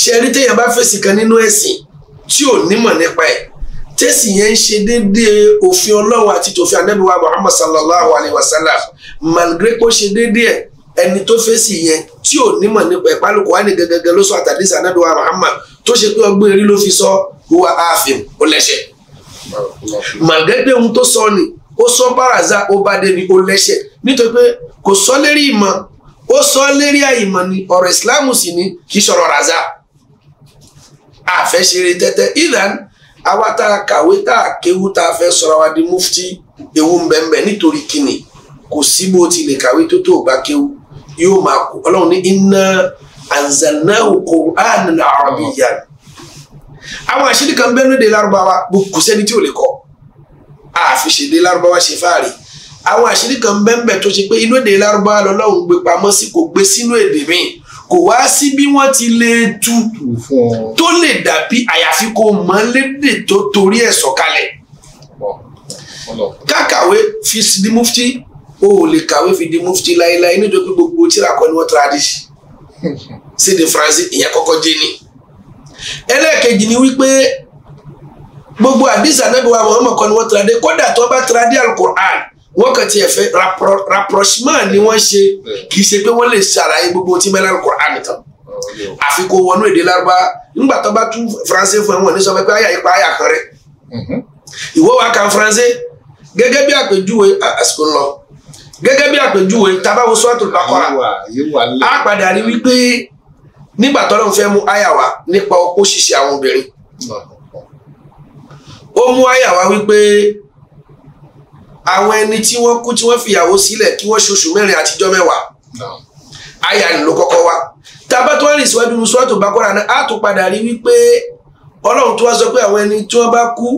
[SPEAKER 3] ṣe rí téèyàn bá fèsì kan nínú ẹ̀sìn tí ò nímọ̀ nípa ẹ̀ tẹ́sì yẹn ń ṣe déédéé òfin ọlọ́run àti tòfin anábìwá muhammad sallallahu alayhi wa sallam malgré kó ṣe déédéé ẹni tó fèsì yẹn tí ò nímọ̀ nípa ìpálùkù wá ní gẹ́gẹ́gẹ́ ló sọ àtàdísà anábìwá muhammad tó ṣe pé ọgbọ́n erí ló fi sọ huwa aafim ó lẹ́ṣẹ̀ malgré pé ohun tó sọ ni ó sọ baraza ó bá dé ni ó lẹ́ṣẹ̀ nítorí pé kò sọ lérí ìmọ̀ ó sọ lérí àìmọ̀ ni ọ̀rọ̀ ìsìláàmù sì ni kì í ṣọ̀rọ̀ raza àfẹ́ṣeré tẹ́tẹ́ ìlànà Awata tá a kàwé tá a kéwú tá a fẹ́ sọ̀rọ̀ wa di mufti ewu mbẹ́mbẹ́ nítorí kíni kò sí bó ti lè kàwé tó tó gbà kéwú yóò máa kú ọlọ́run ní inna anzalnahu qur'anan arabiyyan àwọn àṣírí kan bẹ́ẹ̀ lóde lárúbáwá kò sẹ́ni tí ò lè kọ́ àfiṣèdè lárúbáwá ṣe fáàrí àwọn àṣírí kan bẹ́ẹ̀ tó ṣe pé inú èdè lárúbáwá lọ́lọ́run gbé pamọ́ sí kò gbé sínú èdè míì kò wá sí bí wọ́n ti lè tu tó lè dàbí àyàfi kó mọ̀ lédè tó torí ẹ̀ sọ̀kalẹ̀ kákàwé fi di mufti o ò lè kàwé fi di mufti láéláé nítorí pé gbogbo tíra kọ́ ni wọ́n tra dì síde faransé ìyẹn kọ́kọ́ jẹ́ ni ẹlẹ́ẹ̀kejì ni wípé gbogbo àdìsá náà bí wàá mọ̀ kọ́ ni wọ́n tra kódà tó bá tra dé wọ́n kàn tiẹ̀ fẹ́ rapprochement ni wọ́n ṣe kì í ṣe pé wọ́n lè ṣàlàyé gbogbo tí mẹ́lá Al-Qur'an tán àfi kó wọnú èdè lárúbá nígbà tó bá tú faransé fún ẹ wọn ní sọ pé àyà ipa àyà kan rẹ mhm. ìwọ wa kan faransé gẹ́gẹ́ bí àpèjúwe àsìkò lọ gẹ́gẹ́ bí àpèjúwe tabawo sọ́ọ̀tù lakọ́ra a padà wípé nígbà tó lóun fẹ́ mú àyà wa nípa ọkọ ṣíṣe àwọn obìnrin ó mú àyà wa wípé àwọn ẹni tí wọ́n kú tí wọ́n fìyàwó sílẹ̀ kí wọ́n ṣoṣù mẹ́rin àtijọ́ mẹ́wàá àyà nílò kọ́kọ́ wa tábà tó wà ní ìsíwájú sọ́ọ̀tù bákọ́ra náà á tún padà rí wípé ọlọ́run tó wá sọ pé àwọn ẹni tí wọ́n bá kú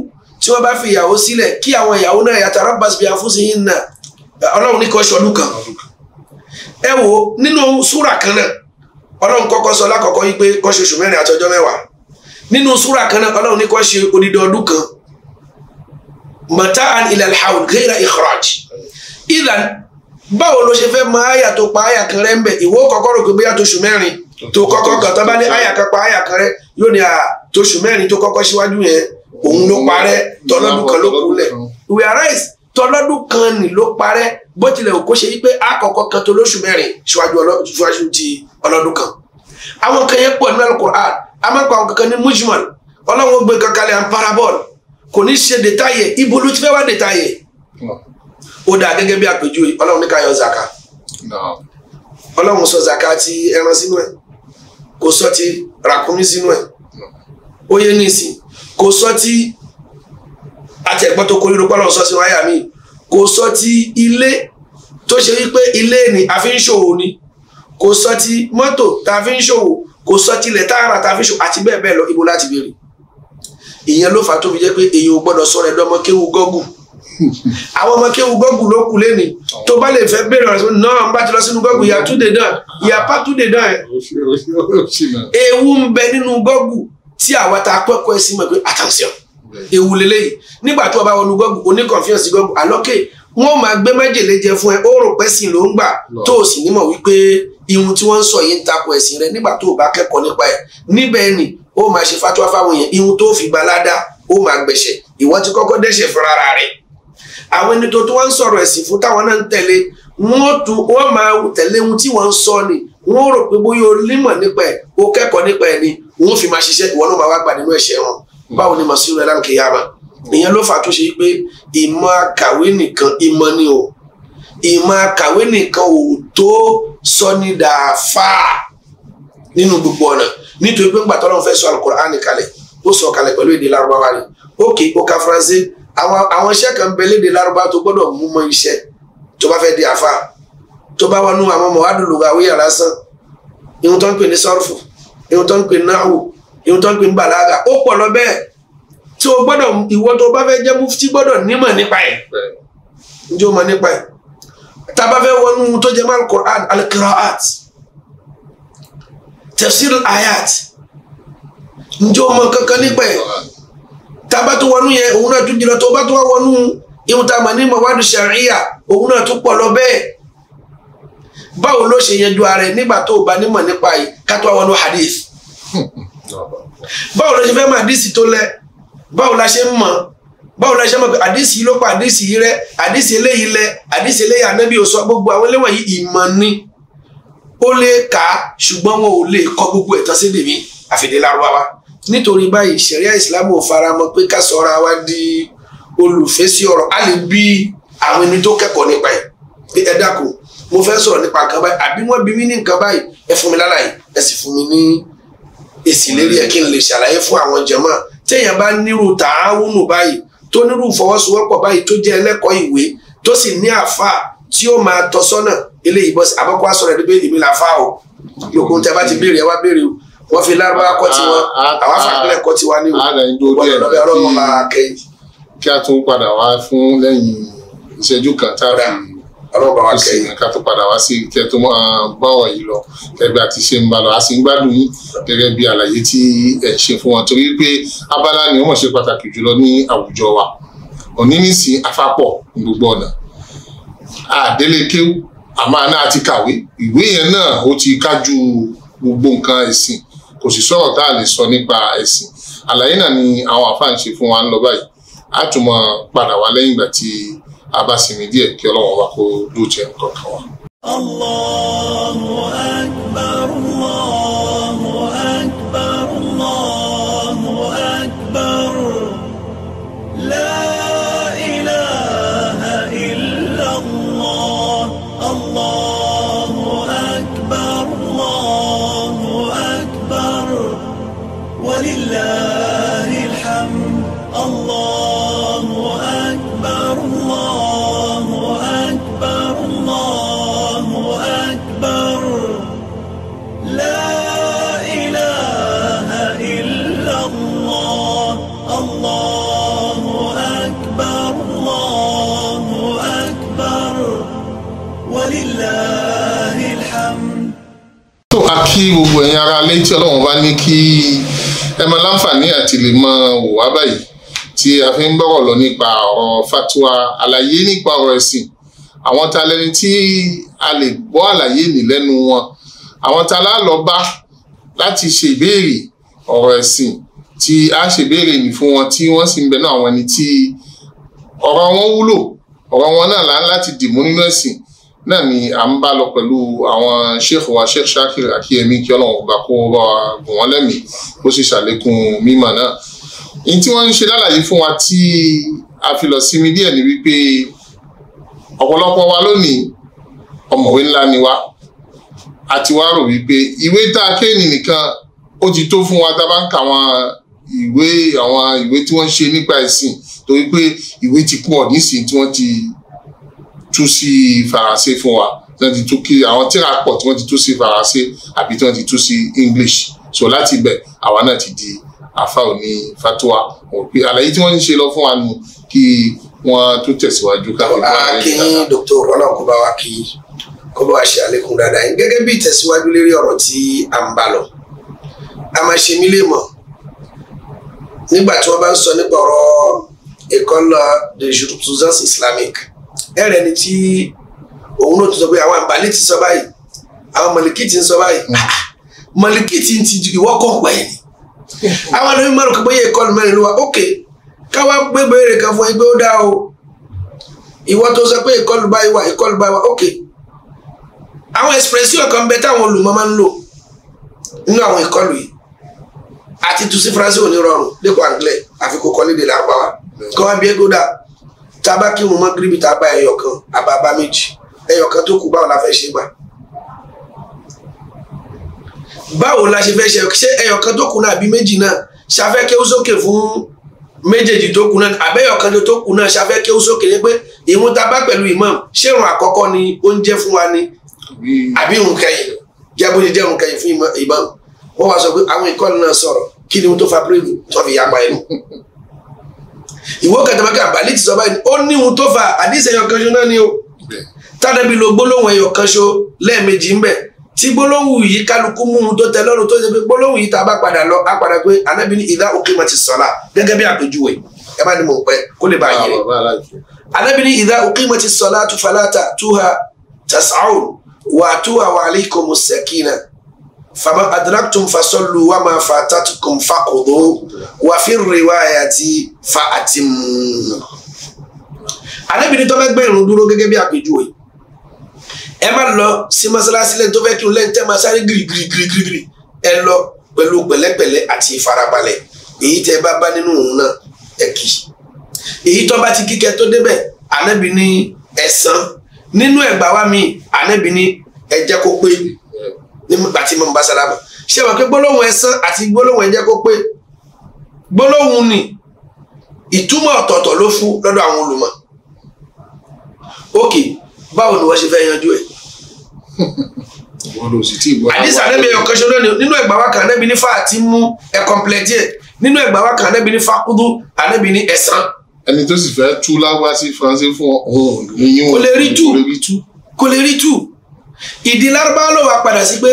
[SPEAKER 3] tí wọ́n bá fìyàwó sílẹ̀ kí àwọn ìyàwó náà yatarabbas bi anfusihinna ọlọ́run ní kọ́ ṣọdún kan ẹ wo nínú súrà kan náà ọlọ́run kọ́kọ́ sọ lákọ̀ọ́kọ́ mataan ilal haul ghaira ikhraj idan báwo ló ṣe fẹ́ mọ àyà tó pa àyà kan rẹ ń bẹ̀ ìwọ kọ́kọ́ rò pé bóyá tóṣù mẹ́rin tó kọ́kọ́ kàn tán bá ní àyà kan pa àyà kan rẹ yóò ní à tóṣù mẹ́rin tó kọ́kọ́ síwájú yẹn òun ló parẹ́ tọ́lọ́dún kan ló kú lẹ̀ we are right tọlọ́dún kan nì ló parẹ́ bó tilẹ̀ òkú ṣe wípé àkọ́kọ́ kan tó lóṣù mẹ́rin ṣíwájú ti ọlọ́dún kan. àwọn kan yẹn pọ̀ nínú al a máa ń pa àwọn kankan ní mujmal ọlọ́run gbé kankan lẹ́yìn kò ní ṣe dèta yẹ ibo ló ti fẹ́ wá dèta yẹ ó dáa gẹ́gẹ́ bí àpèjúwe ọlọ́run ní ká yọ zaka ọlọ́run sọ zaka ti ẹran sínú ẹ̀ kò sọ ti ràkúnmí sínú ẹ̀ ó yé nísìn kò sọ ti àtẹ̀gbọ́n tó koríro pọ́lọ́ sọ sínú àyà mi kò sọ ti ilé tó ṣe wípé ilé ni a fi ń ṣòwò ni kò sọ ti mọ́tò tá a fi ń ṣòwò kò sọ tilẹ̀ tá a rà tá a fi ń ṣòwò àti bẹ́ẹ̀ bẹ́ẹ̀ lọ ibo láti béèrè ìyẹn ló fà tó fi jẹ́ pé èyí ò gbọ́dọ̀ sọ̀rọ̀ ẹ̀dọ́ ọmọ kéwu gọ́gù àwọn ọmọ kéwu gọ́gù ló kù lẹ́ni tó bá lè fẹ́ bẹ̀rẹ̀ ọ̀sán náà ń bá ti lọ sínú gọ́gù ìyá túnde náà ìyá pátúnde náà ẹ̀. ewu ń bẹ nínú gọ́gù tí àwa ta kọ́kọ́ ẹ̀sìn mọ̀ pé attention ewu lélẹ́yìí nígbà tó o bá wọnú gọ́gù oní confiance gọ́gù àlọ́kè wọ́n máa gbé májèlé jẹ fún ẹ ó rò pẹ́ sí ló ń gbà tó o sì nímọ̀ wípé ihun tí wọ́n ń sọ yìí ń takò ẹ̀sìn rẹ nígbà tó o bá kẹ́kọ̀ọ́ nípa ẹ̀ níbẹ̀ ni ó máa ṣe fatuwa fáwọn èèyàn ihun tó fi gba ládá ó máa gbẹ̀ṣẹ̀ ìwọ ti kọ́kọ́ dẹ́ṣẹ̀ fúnra rẹ̀ àwọn ẹni tó tó wọ́n ń sọ̀rọ̀ ẹ̀sìn fún táwọn náà ń tẹ̀lé wọ́n tu wọ́n máa tẹ̀lé ohun tí wọ́n ń sọ ni wọ́n rò pé bóyá o límọ̀ nípa ẹ̀ o kẹ́kọ̀ọ́ nípa ẹ̀ ni wọ́n fi máa ṣiṣẹ́ ìwọ náà máa wá gbà nínú ẹ̀ṣẹ̀ wọn báwo ni nínú gbogbo ọ̀nà nítorí pé ńgbà tọ́lọ́run fẹ́ sọ alukur'ani kalẹ̀ ó sọ kalẹ̀ pẹ̀lú èdè Lárúbáwá rẹ̀ ókè ó ka faransé àwọn iṣẹ́ kan bẹ léde Lárúbáwá tó gbọ́dọ̀ mú mọ́ iṣẹ́ tó bá fẹ́ di àfa tó bá wọnú àwọn ọmọ wa dùlù àwọn yàrá sàn ihun tó ń pè ní sọ́rùfù ihun tó ń pè ní náhù ihun tó ń pè ní bàlágà ó pọ̀ lọ bẹ́ẹ̀ tí o gbọ́dọ̀ ìwọ tó bá fẹ́ jẹ́ mufti gbọ́dọ̀ nímọ̀ nípa ẹ̀ njẹ́ o mọ̀ nípa ẹ̀ tá a bá fẹ́ wọnú tó jẹ́ mọ́ alukur'an alikiraat tafsir ayat ǹjẹ́ ọmọ kankan nípa ẹ̀ tá a bá tó wọnú yẹn òun náà tún jìnnà tó bá tó wá wọnú ihun tá a mà ní mọ̀wádùú sàríyà òun náà tún pọ̀ lọ bẹ́ẹ̀ báwo ló ṣe yẹjú ara ẹ nígbà tó o bá nímọ̀ nípa yìí ká tó àwọn ọ̀nà hadith báwo ló ṣe fẹ́ mọ̀ hadith tó lẹ báwo la ṣe ń mọ̀ báwo la ṣe mọ̀ pé hadith yìí ló pa hadith yìí rẹ hadith eléyìí lẹ hadith eléyìí anábì ò gbogbo àwọn eléwọ̀n ìmọ̀ ni ó lè kà á ṣùgbọ́n wọn ò lè kọ gbogbo ẹ̀tọ́ síbi mi àfìdí lárúbáwá nítorí báyìí ṣẹ̀ríà ìsìlámù ò faramọ́ pé ká sọra wa di olùfẹ́ sí ọ̀rọ̀ a lè bí àwọn ẹni tó kẹ́kọ̀ọ́ nípa ẹ̀ pé ẹ dákun mo fẹ́ sọ̀rọ̀ nípa nǹkan báyìí àbí wọ́n bí mí ní nǹkan báyìí ẹ fún mi lálàyé ẹ sì fún mi ní èsì lérí ẹ kí n lè ṣàlàyé fún àwọn jàmáà téèyàn bá nírú tààwùnù báyìí tó nírú ìfọwọ́sowọ́pọ̀ báyìí tó jẹ́ ẹlẹ́kọ̀ọ́ ìwé tó sì ní àáfàá tí ó máa tọ́ sọ́nà eléyìí bọ́sí àbọ̀kọ́ wa sọ̀rọ̀ ẹni pé èmi là fà o yòókù tí a bá ti béèrè ẹ wá béèrè o wọ́n fi lárúbáwá kọ́ tiwọn àwọn afàgbẹ́lẹ̀ kọ́ tiwa ní o wọ́n lọ́ọ́ bẹ́ẹ̀ máa kẹ́yìn. kí a tún
[SPEAKER 2] padà wá fún lẹ́yìn ìṣẹ́jú kan tá a fi ọlọ́ba wa kẹ́yìn nǹkan tó padà wá sí kẹ́ tó máa bá ọ̀ yìí lọ ẹgbẹ́ àti ṣe ń gẹ́gẹ́ bí àlàyé tí ẹ̀ ṣe fún wọn torí pé abala ni wọ́n ṣe pàtàkì jùlọ ní àwùjọ wa òní nísìn afápọ̀ ní gbogbo ọ̀nà àdélékéwù àmọ́ àná àti kàwé ìwé yẹn náà ó ti kájú gbogbo nǹkan ẹ̀sìn kò sì sọ̀rọ̀ tá a lè sọ nípa ẹ̀sìn àlàyé náà ni àwọn àfáà ń ṣe fún wa ń lọ báyìí á tún mọ padà wá lẹ́yìn ìgbà tí a bá sinmi díẹ̀ kí ọlọ́run wa kó dóòjẹ́ nǹkan kan wa. Allahu Akbar. kí gbogbo ẹ̀yin ara lé tí ọlọ́run bá ní kí ẹ máa láǹfààní àti lè mọ òwá báyìí tí a fi ń bọ̀rọ̀ lọ nípa ọ̀rọ̀ fatuwa àlàyé nípa ọ̀rọ̀ ẹ̀sìn àwọn ta lẹni tí a lè gbọ́ àlàyé nì lẹ́nu wọn àwọn ta lá lọ bá láti ṣèbéèrè ọ̀rọ̀ ẹ̀sìn tí a ṣèbéèrè nì fún wọn tí wọ́n sì ń bẹnu àwọn ẹni tí ọ̀rọ̀ wọn wúlò ọ̀rọ̀ wọn náà láti dìmú nínú ẹ̀sìn náà ni à ń bá lọ pẹ̀lú àwọn sheikh wa sheikh shakir akiyemi kí ọlọ́run ọba kó bá wa gùn wọ́n lẹ́mìí kó sì ṣàlékún mímọ̀ náà ní tí wọ́n ń ṣe lálàyé fún wa tí a fi lọ sinmi díẹ̀ ni wípé ọ̀pọ̀lọpọ̀ wa lónìí ọ̀mọ̀wé ńlá ni wa a ti wá rò wípé ìwé tá a kéènì nìkan ó ti tó fún wa tá a bá ń ka àwọn ìwé àwọn ìwé tí wọ́n ṣe nípa ẹ̀sìn torí pé ìwé ti pọ̀ nísìnyí tí wọ́n ti tú sí faransé fún wa tí wọ́n ti tú kí àwọn tíra pọ̀ tí wọ́n ti tú sí faransé àbí tí wọ́n ti tú sí english so láti bẹ̀ àwa náà ti di afa òní fatuwa wọn pe àlàyé tí wọ́n ń ṣe lọ fún wa nù kí
[SPEAKER 3] wọ́n tún tẹ̀síwájú káfíńtì. akínyìn dr ọlọ́run kó bá wa kí kó bá wa ṣe àlékún dáadáa yìí gẹ́gẹ́ bí ìtẹ̀síwájú lérí ọ̀rọ̀ tí à ń bá lọ a máa ṣe mí lè mọ̀ nígbà tí wọ́n bá ń sọ nípa ọ̀rọ̀ école de jurisprudence islamique ẹ̀rẹ̀ ni tí òun náà ti sọ pé àwọn àbálẹ ti sọ báyìí àwọn mọlẹkì ti ń sọ báyìí hmm. mọlẹkì ti ń ti ìwọ kọ pẹ ni àwọn ẹni márùn kí bóyá ìkọlù mẹ́rin ló wà ókè káwá gbé béèrè kan fún ẹgbẹ́ ó dá o ìwọ tó sọ pé ìkọlù báyìí wà ìkọlù báyìí wà ókè àwọn expression kan bẹ táwọn olùmọ̀ máa ń lò nínú àwọn ìkọlù yìí àti tusi faransé ò ní rọrùn lẹkọọ àǹglẹ àfikún kọlẹdẹ làbáwá kọwá bí ẹgbẹ́ ó dá o tá a bá kírun mọ́ gíríbì tá a bá ẹyọ kan àbàbà méjì ẹyọ kan tó kù báwo la fẹ́ ṣe gbà báwo la ṣe fẹ́ ṣe ṣé ẹyọ kan tó kù náà àbí méjì náà ṣafẹ́ kéwú sókè fún méjèèjì tó kù náà àbẹ́yọ̀ kan tó kù náà ṣafẹ́ kéwú sókè pé ìrun tá a bá pẹ̀lú imam ṣé ìrun àkọ́kọ́ ni ó ń jẹ́ fún wa ni àbí ìrun kẹyìn jẹ́ bó ṣe jẹ́ ìrun kẹyìn fún imam wọ́n wá sọ pé àwọn ìkọ́ni náà sọ̀rọ̀ kí ni wọ́n tó fa pírẹ́lù tó fi yá pa ẹnu ìwọ kẹtàmọ́kẹ́ àbálí ti sọ báyìí ó níhun tó fa àdìsí ẹyọ kan ṣo náà ni o tádàbí lo gbólóhùn ẹyọ kan ṣo lẹ́ẹ̀mejì ńbẹ̀ tí gbólóhùn yìí kálukú mú un tó tẹ lọ́rùn tó ṣe pé gbólóhùn yìí tá a bá padà lọ á padà pé anábì ní ìdá òkè mọ̀ ti sọ̀la gẹ́gẹ́ bí àpèjúwe ẹ bá ní mo pẹ́ kó lè bá a yẹ anábì ní ìdá òkè mọ̀ ti sọ̀la tufalata tuha tasaun wàtúwà wàlíkòmù sẹ́kínà fama adraktum fasallu wa ma fatatukum faqdu wa fi riwayati fa atimmu. arábìnrin tó fẹ́ gbé ìrun dúró gẹ́gẹ́ bí àpèjúwe ẹ má lọ sí mọ́sálásí lẹ́yìn tó fẹ́ kí n lẹ́yìn tẹ́ máa sáré girigirigirigiri ẹ lọ pẹ̀lú pẹ̀lẹ́pẹ̀lẹ́ àti ìfarabalẹ̀ èyí tẹ́ bá bá nínú òun náà ẹ kì í èyí tó bá ti kíkẹ́ tó débẹ̀ anábì ní nínú ẹ̀gbà wa mi anábì ní ẹ jẹ́ kó pé nígbà tí mo bá sálámà ṣé wàá pé gbólóhùn ẹ̀sán àti gbólóhùn ẹ̀jẹ̀ kó pé gbólóhùn ni ìtumọ̀ ọ̀tọ̀ọ̀tọ̀ ló fún lọ́dọ̀ àwọn olùmọ̀ ókè báwo ni wọ́n ṣe fẹ́ yanjú ẹ̀. àdìsá nẹ́bí ẹ̀yọ̀ kan ṣoṣo nínú ẹ̀gbà wa kan nẹ́bí ní fáàtì mú ẹ̀ kọ́ńpìlẹ̀tì ẹ̀ nínú ẹ̀gbà wa kan nẹ́bí ní fákúdú ànẹ́bí ní ẹ̀sán. ẹni tó sì fẹ́ tú láwá sí faransé fún ọ̀hún ìyún kò lè rí tú kò lè rí tú ìdí lárúbáwá ló wà padà sí pé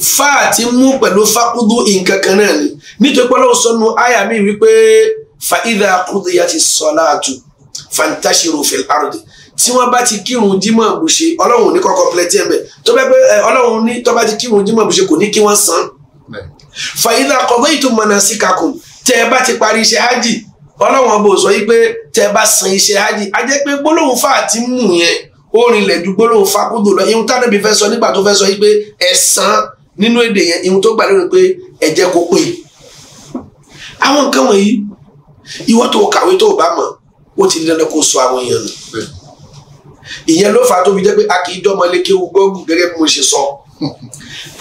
[SPEAKER 3] fáà ti mú pẹ̀lú fákúdú nǹkan kan náà ni nítorí pé ọlọ́run sọnù àyà mi wípé fa idha qudiyati salatu fantashiru fil ardi tí wọ́n bá ti kírun jímọ̀ gbòṣe ọlọ́run ní kọ́kọ́ plẹ̀tì ẹ̀ bẹ̀ tó bẹ́ẹ̀ pé eh, ọlọ́run ní tó bá ti kírun jímọ̀ gbòṣe kò ní kí wọ́n san. fa idha qudaytum manasikakum tẹ́ ẹ bá ti parí iṣẹ́ hájì ọlọ́run ọba ò sọ yí pé tẹ́ ẹ bá san iṣẹ́ hájì á jẹ́ pé gbólóhùn fáà ti mú yẹn orin ilẹ̀ ju gbólóhùn fakúndò lọ ihun tánàbí fẹ́ sọ nígbà tó fẹ́ sọ yìí pé ẹ̀san nínú èdè yẹn ihun tó gbà lórí pé ẹ̀jẹ̀ kò pé àwọn nǹkan wọ̀nyí ìwọ tó kàwé tó bá mọ̀ ó ti dandan kó sọ àwọn èèyàn nù ìyẹn ló fà á tó fi jẹ́ pé a kì í dọ́mọ lé kéwu gọ́ọ̀gù gẹ́gẹ́ bí mo ṣe sọ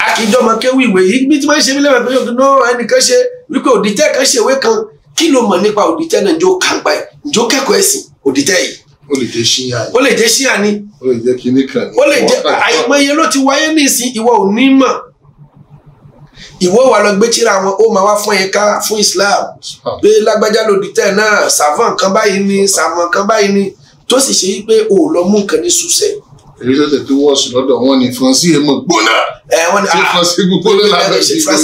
[SPEAKER 3] a kì í dọ́mọ kéwu ìwé yìí bí tí wọ́n ṣe mí lẹ́wọ̀n pé yóò náà ẹnìkan ṣe wípé òdìtẹ́ kan ṣèwé kan kí ló mọ̀ nípa òdìtẹ́ náà njó kàǹgbà ẹ̀ njó kẹ́kọ̀ọ́ ẹ̀sìn òdìtẹ́ yìí ó lè jẹ́ ṣíyà ni. ó lè jẹ́ ṣíyà ni. ó lè jẹ́ kinní kan ni. ó lè jẹ́ àìmọye ló ti wáyé nísìn ìwọ ò ní mọ̀ ìwọ wà lọ gbé wọn ó máa wá fún yín fún Islam pé lágbájá lòdì tẹ náà sàvọn kan báyìí ni sàvọn kan báyìí ni tó sì ṣe pé ò lọ mú nǹkan ní ṣùṣẹ. èyí tó tètè wọ́ọ̀sì lọ́dọ̀ wọn ni faransé yẹn mọ̀ gbóná. ẹ wọn ni ṣe ah, faransé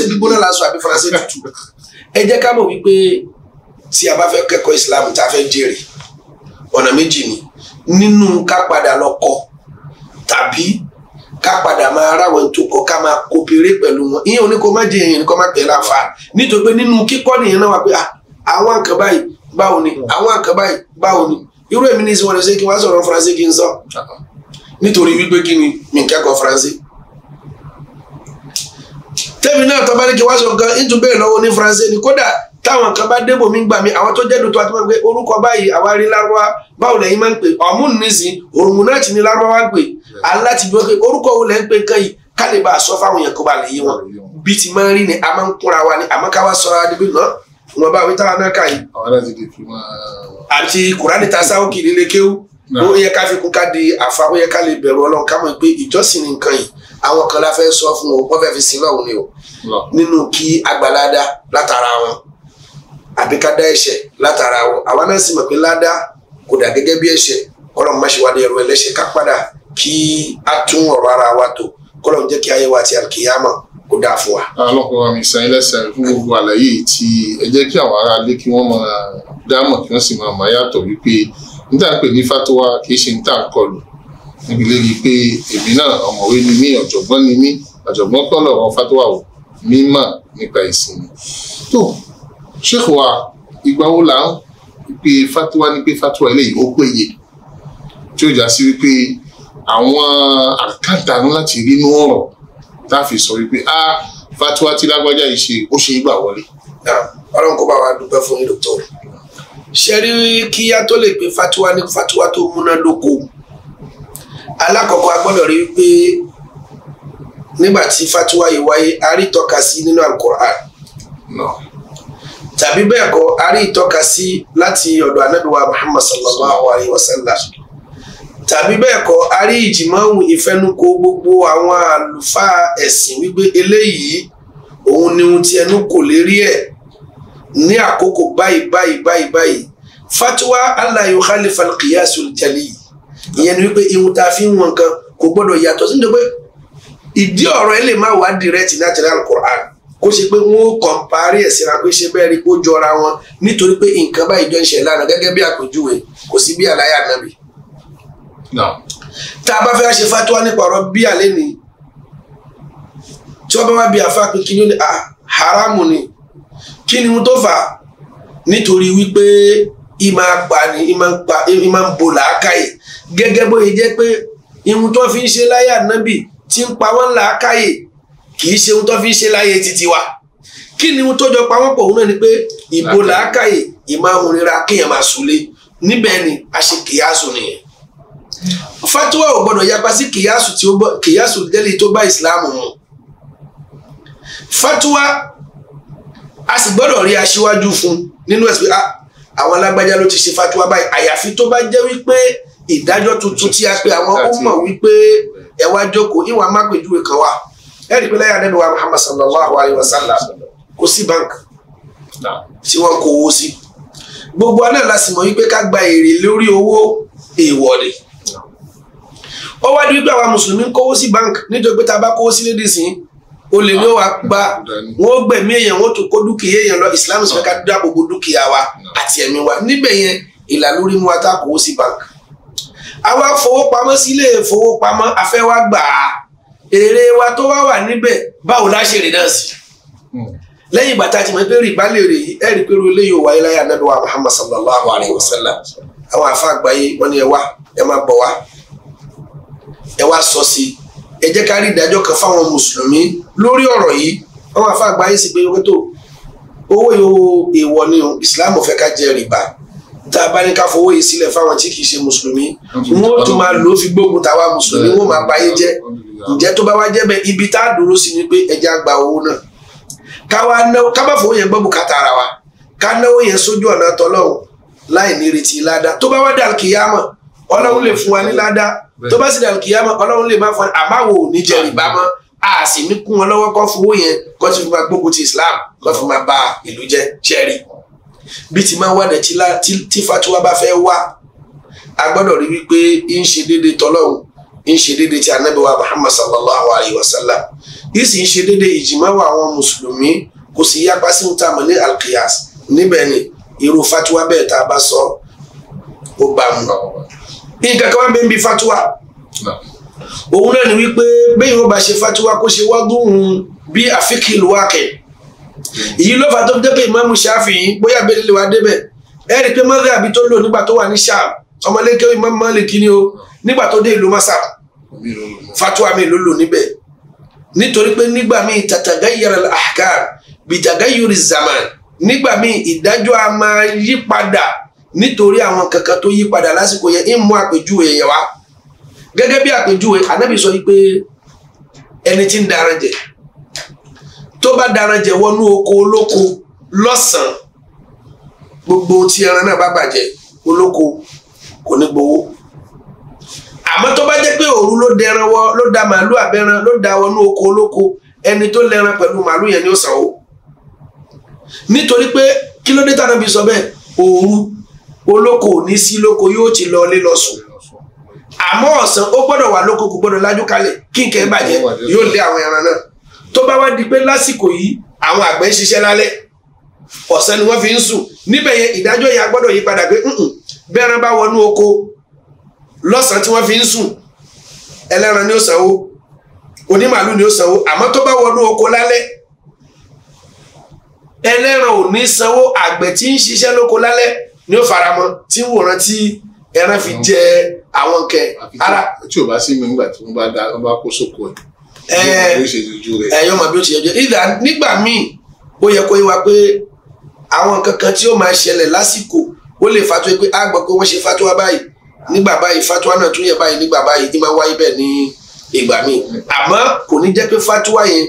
[SPEAKER 3] gbígbóná lásán lásán àbí faransé tútù. ẹ jẹ́ ká mọ̀ wípé tí a bá fẹ́ kẹ́kọ̀ọ́ Islam tá a fẹ́ jèrè ọ̀nà méjì ni nínú ká padà lọ kọ tàbí ká padà máa ráwọn tó kọ ká máa kópere pẹ̀lú wọn ìyẹn ò má jẹ èèyàn kó má tẹ̀lé àfa nítorí pé nínú kíkọ́ nìyẹn náà wà pé ah, àwọn nǹkan báyìí báwo ni àwọn nǹkan báyìí báwo ni irú èmi ní ìsìnwọ̀n ṣe kí wọ́n sọ̀rọ̀ faransé kí n sọ nítorí wípé kí ni mi kẹ́kọ̀ọ́ faransé tẹ́mi náà tọ́ bá ní kí wọ́n sọ nǹkan ìtúbẹ̀rẹ̀ lọ́wọ́ ní faransé ni kódà táwọn kan bá débò mí gbà mí àwọn tó jẹ́ dòtò àti mọ̀ pé orúkọ báyìí àwa rí lárúbá báwo lẹ́yìn máa ń pè ọ̀mún nísìn òrùn náà ti ní lárúbá wá ń pé orúkọ wo lẹ́ ń pè nǹkan yìí ká lè bá a sọ fáwọn èèyàn kó ba lè yé wọn bí ti máa ń rí ni a máa ń kúnra wa ni àmọ́ ká wá sọra débi náà wọn bá wí táwọn náà kà yìí. àti kùránì ta sáwọ́ kiri lè kéwú ó yẹ ká fi kún ká di àfa ó yẹ ká lè bẹ̀rù ọlọ́run ká mọ̀ pé ìjọsìn ni nǹkan yìí àwọn kan la fẹ́ sọ fún wọn wọ́n fẹ́ fi sin lọ́hùn ni o nínú kí agbalada látara wọn àbí ká dá ẹ̀ṣẹ̀ látara wọn àwa náà sì mọ̀ pé ládá kò dà gẹ́gẹ́ bí ẹ̀ṣẹ̀ kọ́lọ́n má ṣe wá ní ẹrù ẹlẹ́ṣẹ̀ ká padà kí á tún ọ̀rọ̀ ara wa tó kọ́lọ́n jẹ́ kí ayé wa ti àkìyàmọ̀ kó dáa fún wa. ọlọ́pàá
[SPEAKER 2] wa mi san ẹlẹ́sẹ̀ fún gbogbo àlàyé tí ẹ jẹ́ kí àwọn ará ilé kí wọ́n máa dámọ̀ kí wọ́n sì máa máa yàtọ̀ wípé níta pè ní fatuwa kì í ṣe níta kọlù níbi lérí pé èmi náà ọ̀mọ̀wé ni mí ọ̀jọ̀gbọ́n ni mí ọ̀jọ̀gbọ́n kọ́lọ̀ wọn fatuwa ò mímọ̀ nípa ìsinmi sheikh wa ìgbà wo là ń pè fatuwa ni pé fatuwa eléyìí ó péye tí ó já sí wípé àwọn àkàntàánú láti rí inú ọ̀rọ̀ tá a fi sọ wípé a fatuwa tí
[SPEAKER 3] lágbájá yìí ṣe ó ṣe é gbà wọlé. ọlọ́run kó bá wa dúpẹ́ fún yín ṣe rí kíyá tó lè pe fatuwa ní fatuwa tó múnádóko alákọ̀ọ́kọ́ a gbọ́dọ̀ rí pé nígbà tí fatuwa yìí wáyé a rí tọ́ka sí nínú alukur'an. No tàbí bẹ́ẹ̀ kọ́ a rí ìtọ́ka sí láti ọ̀dọ̀ anábìwá muhammad sallallahu alayhi wa sallam tàbí bẹ́ẹ̀ kọ́ a rí ìjìmọ̀hún ìfẹnukò gbogbo àwọn àlùfáà ẹ̀sìn wípé eléyìí òun ni ohun tí ẹnu kò lérí ẹ̀ ní àkókò báyìí báyìí báyìí báyìí fatuwa allah yóò hali falkiyasu jali ìyẹn ni wípé ihun tá a fi ń wọn kan kò gbọdọ̀ yàtọ̀ sí nítorí pé ìdí ọ̀rọ̀ ẹ lè má wá direct natural Quran kó ṣe pé wọn ó kọ̀ǹparí ẹ̀ síra pé ṣe bẹ́ẹ̀ rí kó jọra wọn nítorí pé nǹkan báyìí jọ ń ṣe lánàá gẹ́gẹ́ bí àpèjúwe kò sí bí àlàyé nàbì. tá a bá fẹ́ ṣe fatuwa nípa ọ̀rọ̀ bí àlẹ́ ni tí wọ́n bá wá bí àfa pé kíni ó ní ah, haramu ni kí ni mo tó fà nítorí wípé ìmọ̀ apá ni ìmọ̀ ń bo làákàyè gẹ́gẹ́ bó ṣe jẹ́ pé ìhun tó fi ń ṣe láyé ànábì ti ń pa wọ́n làákàyè kì í ṣe ohun tó fi ń ṣe láyé títí wa kí ni ohun tó jọ pawọ́pọ̀ òun náà ni pé ìbò làákàyè ìmáhùn kéèyàn máa súlé níbẹ̀ ni a ṣe kìyàsù nìyẹn fatuwa ò gbọdọ̀ yapa sí kìyàsù tí ó bọ kìyàsù délé tó bá ìsìláàmù mu fatuwa a sì gbọdọ̀ rí aṣíwájú fún nínú ẹ̀sìn ah, àwọn alágbájá ló ti ṣe fatuwa báyìí àyàfi tó bá jẹ́ wípé ìdájọ́ tuntun tí a pe àwọn ọmọ wípé ẹ jókòó níwàá má pèjúwe kan wà ẹ̀rí pé lẹ́yìn Ànábì wa Muhammad sallallahu alayhi wa sallam kò sí bank tí wọ́n kó owó sí gbogbo aná láti mọ̀ wípé ká gba èrè lórí owó èèwọ̀ ni ó wá di wípé àwa mùsùlùmí ń kówó sí bank nítorí pé tá a bá kówó sí lédi sí o lè ní ó wá gba wọn ó gbẹ̀mí èèyàn wọn ó tún kó dúkìá èèyàn lọ Islam sì ká dáàbò bo dúkìá wa àti ẹ̀mí wa níbẹ̀ yẹn ìlà lórí mu wa tá a kówó sí bank àwa fowópamọ́ sílé ìfowópamọ́ afẹ́ wa gbà á èrè wa tó wá wà níbẹ̀ báwo la ṣe rè náà sí hmm. lẹ́yìn ìgbà tá a ti mọ̀ pé rìbá lè rè yìí ẹ̀rí pé rúlé yóò wáyé láyé anábì wa Muhammad sallallahu alayhi wa sallam àwọn afa àgbáyé wọn ni ẹ wá ẹ máa bọ̀ wá ẹ wá sọ sí i ẹ jẹ́ ká rí ìdájọ́ kan fáwọn mùsùlùmí lórí ọ̀rọ̀ yìí àwọn afa àgbáyé sì gbé wọ́n tó owó yòó èèwọ̀ ni o Islam ò fẹ́ ká jẹ rìbá tá a bá ní ká fowó yìí sílẹ̀ fáwọn tí kì í ṣe mùsùlùmí wọn ó tún máa lò ó fi gbógun tàwa mùsùlùmí wọn máa bayé jẹ́ ǹjẹ́ tó bá wá jẹ́ bẹ́ẹ̀ ibi tá a dúró sí ni pé ẹja gba owó náà káwa náwó ká má fowó yẹn gbọ́ bùkátà ara wa ká náwó yẹn sójú ọ̀nà tọ́lọ́hún láì nírètí ládàá tó bá wá dà kìyàmọ̀ ọlọ́run lè fún wa ní ládàá tó bá sì dà kìyàmọ̀ ọlọ́run lè má fún àbáwò ní jẹ rìbá a sì ní kún wọn lọ́wọ́ kọ́ fowó yẹn kọ́ ti fi máa gbógun ti Islam kọ́ fi máa bà ìlú jẹ́ ṣẹ́ẹ̀rì bí ti máa wà dẹ̀tí tí fatuwa bá fẹ́ wá a gbọ́dọ̀ rí wípé ń ṣe déédéé tọ́lọ́hún ń ṣe déédéé ti anábìwá Muhammad sallallahu alayhi wa sallam yìí sì ń ṣe déédéé ìjìmáwá àwọn mùsùlùmí kò sì yapa sí ta mọ̀ ní alqiyas níbẹ̀ ni irú fatuwa bẹ́ẹ̀ tá a bá sọ ó bá mu. nǹkan kan wá bẹ́ẹ̀ ń bi fatuwa òun náà ni wípé bẹ́ẹ̀ yóò bá ṣe fatuwa kó ṣe wá dùn bí àfikì ìlú èyí ló fà tó fi jẹ́ pé ìmáàmù ṣáfìyìn bóyá bẹ́ẹ̀ lè wá débẹ̀ ẹ rí i pé mọ́tẹ́ àbí tó lò nígbà tó wà ní ṣáà ọmọlẹ́kẹ́ ìmáàmù Málíkì ni o nígbà tó dé ìlú masa fatuwa mi ló lò níbẹ̀ nítorí pé nígbà míì tatagayyara al-ahkam bitagayyuri zaman nígbà míì ìdájọ́ a máa yí padà nítorí àwọn kankan tó yí padà lásìkò yẹn ń mú àpèjúwe yẹn wá gẹ́gẹ́ bí àpèjúwe Ànábì sọ yìí pé ẹni tí ń dara tó bá daran jẹ wọnú oko olóko lọ́sàn-án gbogbo tí ẹran náà bá bàjẹ́ olóko kò ní gbowó àmọ́ tó bá jẹ́ pé òru ló dẹran wọ ló da màálù àbẹ́ran ló da wọnú oko olóko ẹni tó lẹ́ran pẹ̀lú màálù yẹn ni ó sàn ó nítorí pé kí ló dé tànà bí sọ bẹ́ẹ̀ òru olóko ò ní sí lóko yóò ti lọ lé lọ sùn àmọ́ ó gbọ́dọ̀ wà lóko kò gbọ́dọ̀ lájú kalẹ̀ kí nǹkan bàjẹ́ yóò lé àwọn ẹran náà tó bá wá di pé lásìkò yìí àwọn àgbẹ̀ ń ṣiṣẹ́ lálẹ́ ọ̀sán ni wọ́n fi ń sùn níbẹ̀ yẹn ìdájọ́ yẹn a gbọ́dọ̀ yí padà pé bẹ́ẹ̀rán bá wọnú oko lọ́sàn-án tí wọ́n fi ń sùn ẹlẹ́ran ni ó sanwó onímàálù ni ó sanwó àmọ́ tó bá wọnú oko lálẹ́ ẹlẹ́ran ò ní sanwó àgbẹ̀ tí ń ṣiṣẹ́ lóko lálẹ́ ni ó faramọ́ tí ń wòran tí ẹran fi jẹ àwọn kẹ ara. tí o bá sí mi nígbà tí wọn bá kó sóko ẹ
[SPEAKER 2] ẹ yóò mọ bí
[SPEAKER 3] ó ti yẹ jẹ ìdá nígbà míì ó yẹ kó yé wa pé àwọn nǹkan kan tí ó máa ṣẹlẹ̀ lásìkò ó lè fatuwa pé a gbọ́ pé wọ́n ṣe fatuwa báyìí nígbà báyìí fatuwa náà tún yẹ báyìí nígbà báyìí tí máa wáyé bẹ́ẹ̀ ní ìgbà míì àmọ́ kò ní jẹ́ pé fatuwa yẹn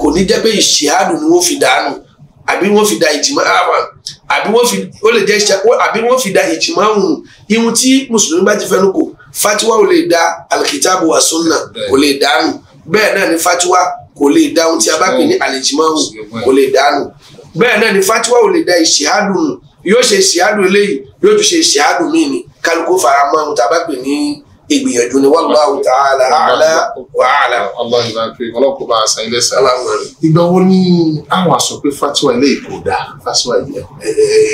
[SPEAKER 3] kò ní jẹ́ pé ìṣèhádù ni wọ́n fi dànù àbí wọ́n fi da ìjìmọ́ ah, àwọn àbí wọ́n fi ó lè jẹ́ ìṣẹ́ àbí wọ́n fi da ìjìmọ́ hùn ihun tí mùsùlùmí bá ti fẹ́nu kò fatiwa ò lè da alikitaabu wa sunna kò lè dànù bẹ́ẹ̀ náà ni fatiwa kò lè dá ohun tí a bá pè ní àlèjìmọ́hù kò lè dánù bẹ́ẹ̀ náà ni fatiwa ò lè dá ìṣíádù nù yóò ṣe ìṣíádù eléyìí yóò tún ṣe ìṣíádù míì ni kálukú fara mọ́ ohun tí a bá pè ní ìgbìyànjú ni wallahu ta'ala a'la wa a'lam. ọlọ́kùnrin àṣà ilé sá. ìgbà wo ni
[SPEAKER 2] àwọn àṣọ pé fatiwa eléyìí kò dáa fatiwa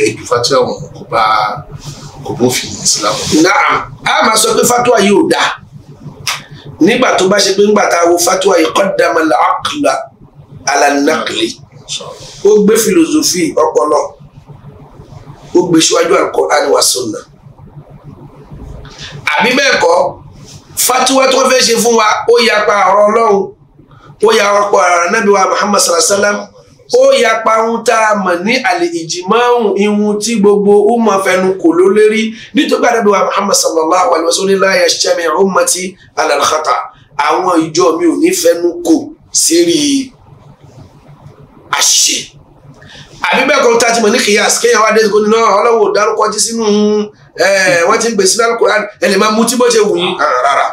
[SPEAKER 2] ìjù fatiwa wọn kò bá
[SPEAKER 3] kò bófin ìsìlámù. náà a máa sọ pé fatiwa yìí ò nígbà tó bá ṣe pé ńgbà tá a wo fatuwa yuqaddam al-aqla ala an-naqli ó gbé filosofi ọpọlọ ó gbé síwájú al-Qur'an wa sunnah àbí bẹ́ẹ̀ kọ́ fatuwa tó fẹ́ ṣe fún wa ó yapa ọ̀rọ̀ ọlọ́run ó yapa ọ̀rọ̀ anábìwá Muhammad sallallahu alayhi wa sallam ó yapa ohun tá a mọ̀ ní àlè ìjìmọ́hùn ihun tí gbogbo umma fẹnu kò ló lérí nítorí àdàbí wa muhammad sallallahu alayhi wa sallam la yajtami ummati ala al-khata àwọn ìjọ mi ò ní fẹnu kò sérí àṣìṣe àbí bẹ́ẹ̀ kan tá a ti mọ̀ ní kìyàs kéèyàn wá dé ìkóni náà ọlọ́wọ́ dárúkọ jí sínú wọ́n ti ń gbèsè lálùkùránì ẹ lè mú tí bó wù yín rárá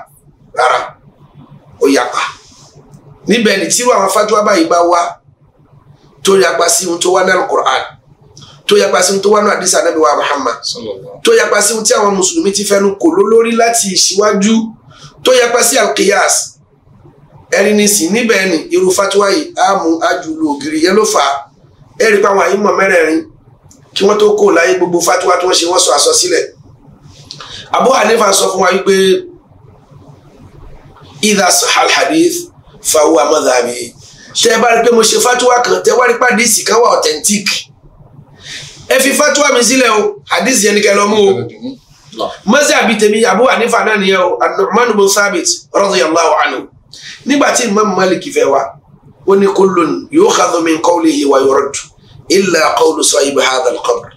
[SPEAKER 3] rárá ó yapa níbẹ̀ ni tírú àwọn fájúwá tó yapa sí ohun tó wá ní alukur'an tó yapa sí ohun tó wá ní hadisi anabi wa Muhammad tó yapa sí ohun tí àwọn mùsùlùmí ti fẹnu kò lólórí láti ìṣíwájú tó yapa sí alkiyas ẹni ní sìn níbẹ̀ ni irú fatuwa yìí á mú ajulu ògiri yẹn ló fà á ẹ̀rí pa àwọn àyínmọ̀ mẹ́rẹ̀ẹ̀rin kí wọ́n tó kó láyé gbogbo fatuwa tó ń ṣe wọ́n sọ àsọsílẹ̀ Abu Hanifa sọ fún wa wípé idha sahal hadith fa tẹ́ ẹ bá rí pé mo ṣe fatuwa kan tẹ́ wá rí pàdísì kan wà authentic ẹ fi fatuwa mi sílẹ̀ o àdísì yẹn ni kẹ́ lọ mú
[SPEAKER 1] o
[SPEAKER 3] mọ́sí àbí tèmi Abu Hanifa náà nìyẹn o An-Nu'man bin Sabit radiyallahu anhu nígbà tí Imam Malik fẹ́ wa ó ní kullun yukhadhu min qawlihi wa yuraddu illa qawlu sahibi hadha al-qabr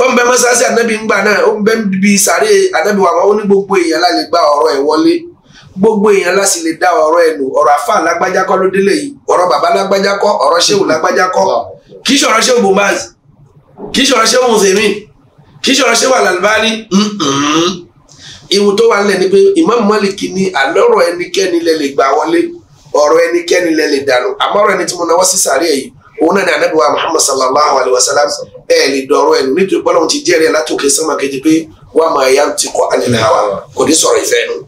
[SPEAKER 3] ó ń bẹ mọ́sáàsì ànábì ńgbà náà ó ń bẹ bí sàárè ànábì wàmọ́ ó ní gbogbo èèyàn láti gba ọ̀rọ̀ ẹ̀ wọlé gbogbo èèyàn la sì lè da ọ̀rọ̀ ẹnu ọ̀rọ̀ àfa lágbájá kọ́ ló délé yìí ọ̀rọ̀ bàbá lágbájá kọ́ ọ̀rọ̀ ṣéwù lágbájá kọ́ kì í ṣọ̀rọ̀ ṣéwù bombaz kì í ṣọ̀rọ̀ ṣéwù mùsùlùmí kì í ṣọ̀rọ̀ ṣéwù àlàlùbárí ìwù tó wà nílẹ̀ ni pé Imam Malik ní àlọ́rọ̀ ẹnikẹ́ni lẹ lè gbà wọlé ọ̀rọ̀ ẹnikẹ́ni lẹ lè dànù àmọ́rọ̀ ẹni tí mo náwó sí sàárẹ̀ yìí òun náà ni Ànábì wa Muhammad sallallahu alayhi wa sallam ẹ lè dọ̀rọ̀ ẹnu nítorí pé Ọlọ́run ti jẹ́rìí látòkè sánmà kejì pé wa ma yantiqu anil hawa kò ní sọ̀rọ̀ ìfẹ́ nu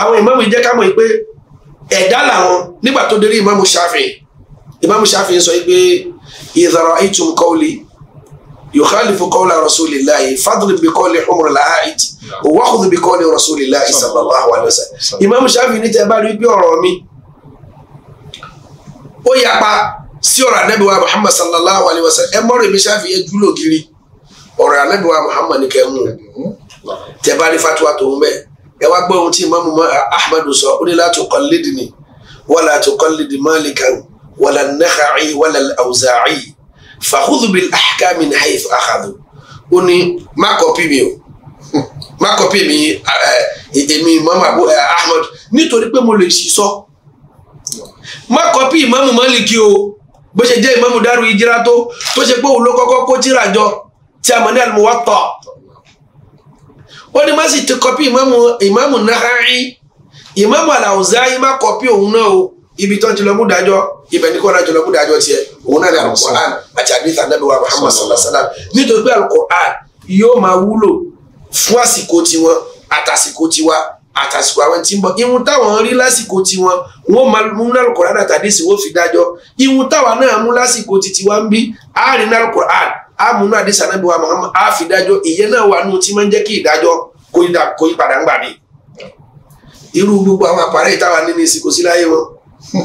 [SPEAKER 3] àwọn ìmáàmù jẹ́ ká mọ̀ pé ẹ̀dá làwọn nígbà tó dérí ìmáàmù Ṣáfi'í ìmáàmù Ṣáfi'í sọ pé idha ra'aytum qawli yukhalifu qawla rasulillahi fadrib bi qawli humr al-a'id wa khudh bi qawli rasulillahi sallallahu alaihi wasallam ìmáàmù Ṣáfi'í ní tẹ́ bá rí bí ọ̀rọ̀ mi ó yapa sí ọ̀rọ̀ anábìwá Muhammad sallallahu alaihi wasallam ẹ mọ́rọ̀ èmi Ṣáfi'í ẹ dúró kiri ọ̀rọ̀ anábìwá Muhammad kẹ́ mú tẹ́ rí fatuwa tó ń bẹ́ẹ̀ ẹ wá gbọ́ ohun tí imaamu ahmadu sọ ó ní la tuqallidni wala tuqallid malikan wala nakha'i wala awza'i fakhudhu bil ahkami min haythu akhadhu ó ní má kọ́pì mi o má kọ́pì mi eh, eh, èmi imaamu eh, ahmadu nítorí pé mo lè sì sọ má kọ́pì imaamu maliki o bó ṣe jẹ́ imaamu daru hijira tó tó ṣe pé òun ló kọ́kọ́ kó tíra jọ tí a mọ̀ ní al-Muwatta ó ní má sì ti kọ́pì ìmáàmù ìmáàmù Nakhai ìmáàmù Al-Awzai má kọ́pì òun náà o ibi tó ń ti lọ mú dájọ́ ibẹ̀ ní kó ra jọlọ mú dájọ́ tiẹ̀ òun náà ní Al-Qur'an àti àdìsí Ànábì wa Muhammad sallallahu alaihi wasallam nítorí pé Al-Qur'an yóò máa wúlò fún àsìkò tiwọn àtàsìkò tiwa àtàsìkò àwọn tí ń bọ̀ ihun táwọn rí lásìkò tiwọn wọn máa mú Al-Qur'an àtàdìsí wọn fi dájọ́ ihun táwọn náà mú lásìkò titiwa ń bí àárín al amúnú àdìsá nàbí wa Muhammad á fi dájọ́ ìyẹn náà wà nù tí máa ń jẹ́ kí ìdájọ́ kó yí padà ń gbà mí. irú gbogbo àwọn àpárẹ̀ ìtawà nínú ìsìn kò sí láyé wọn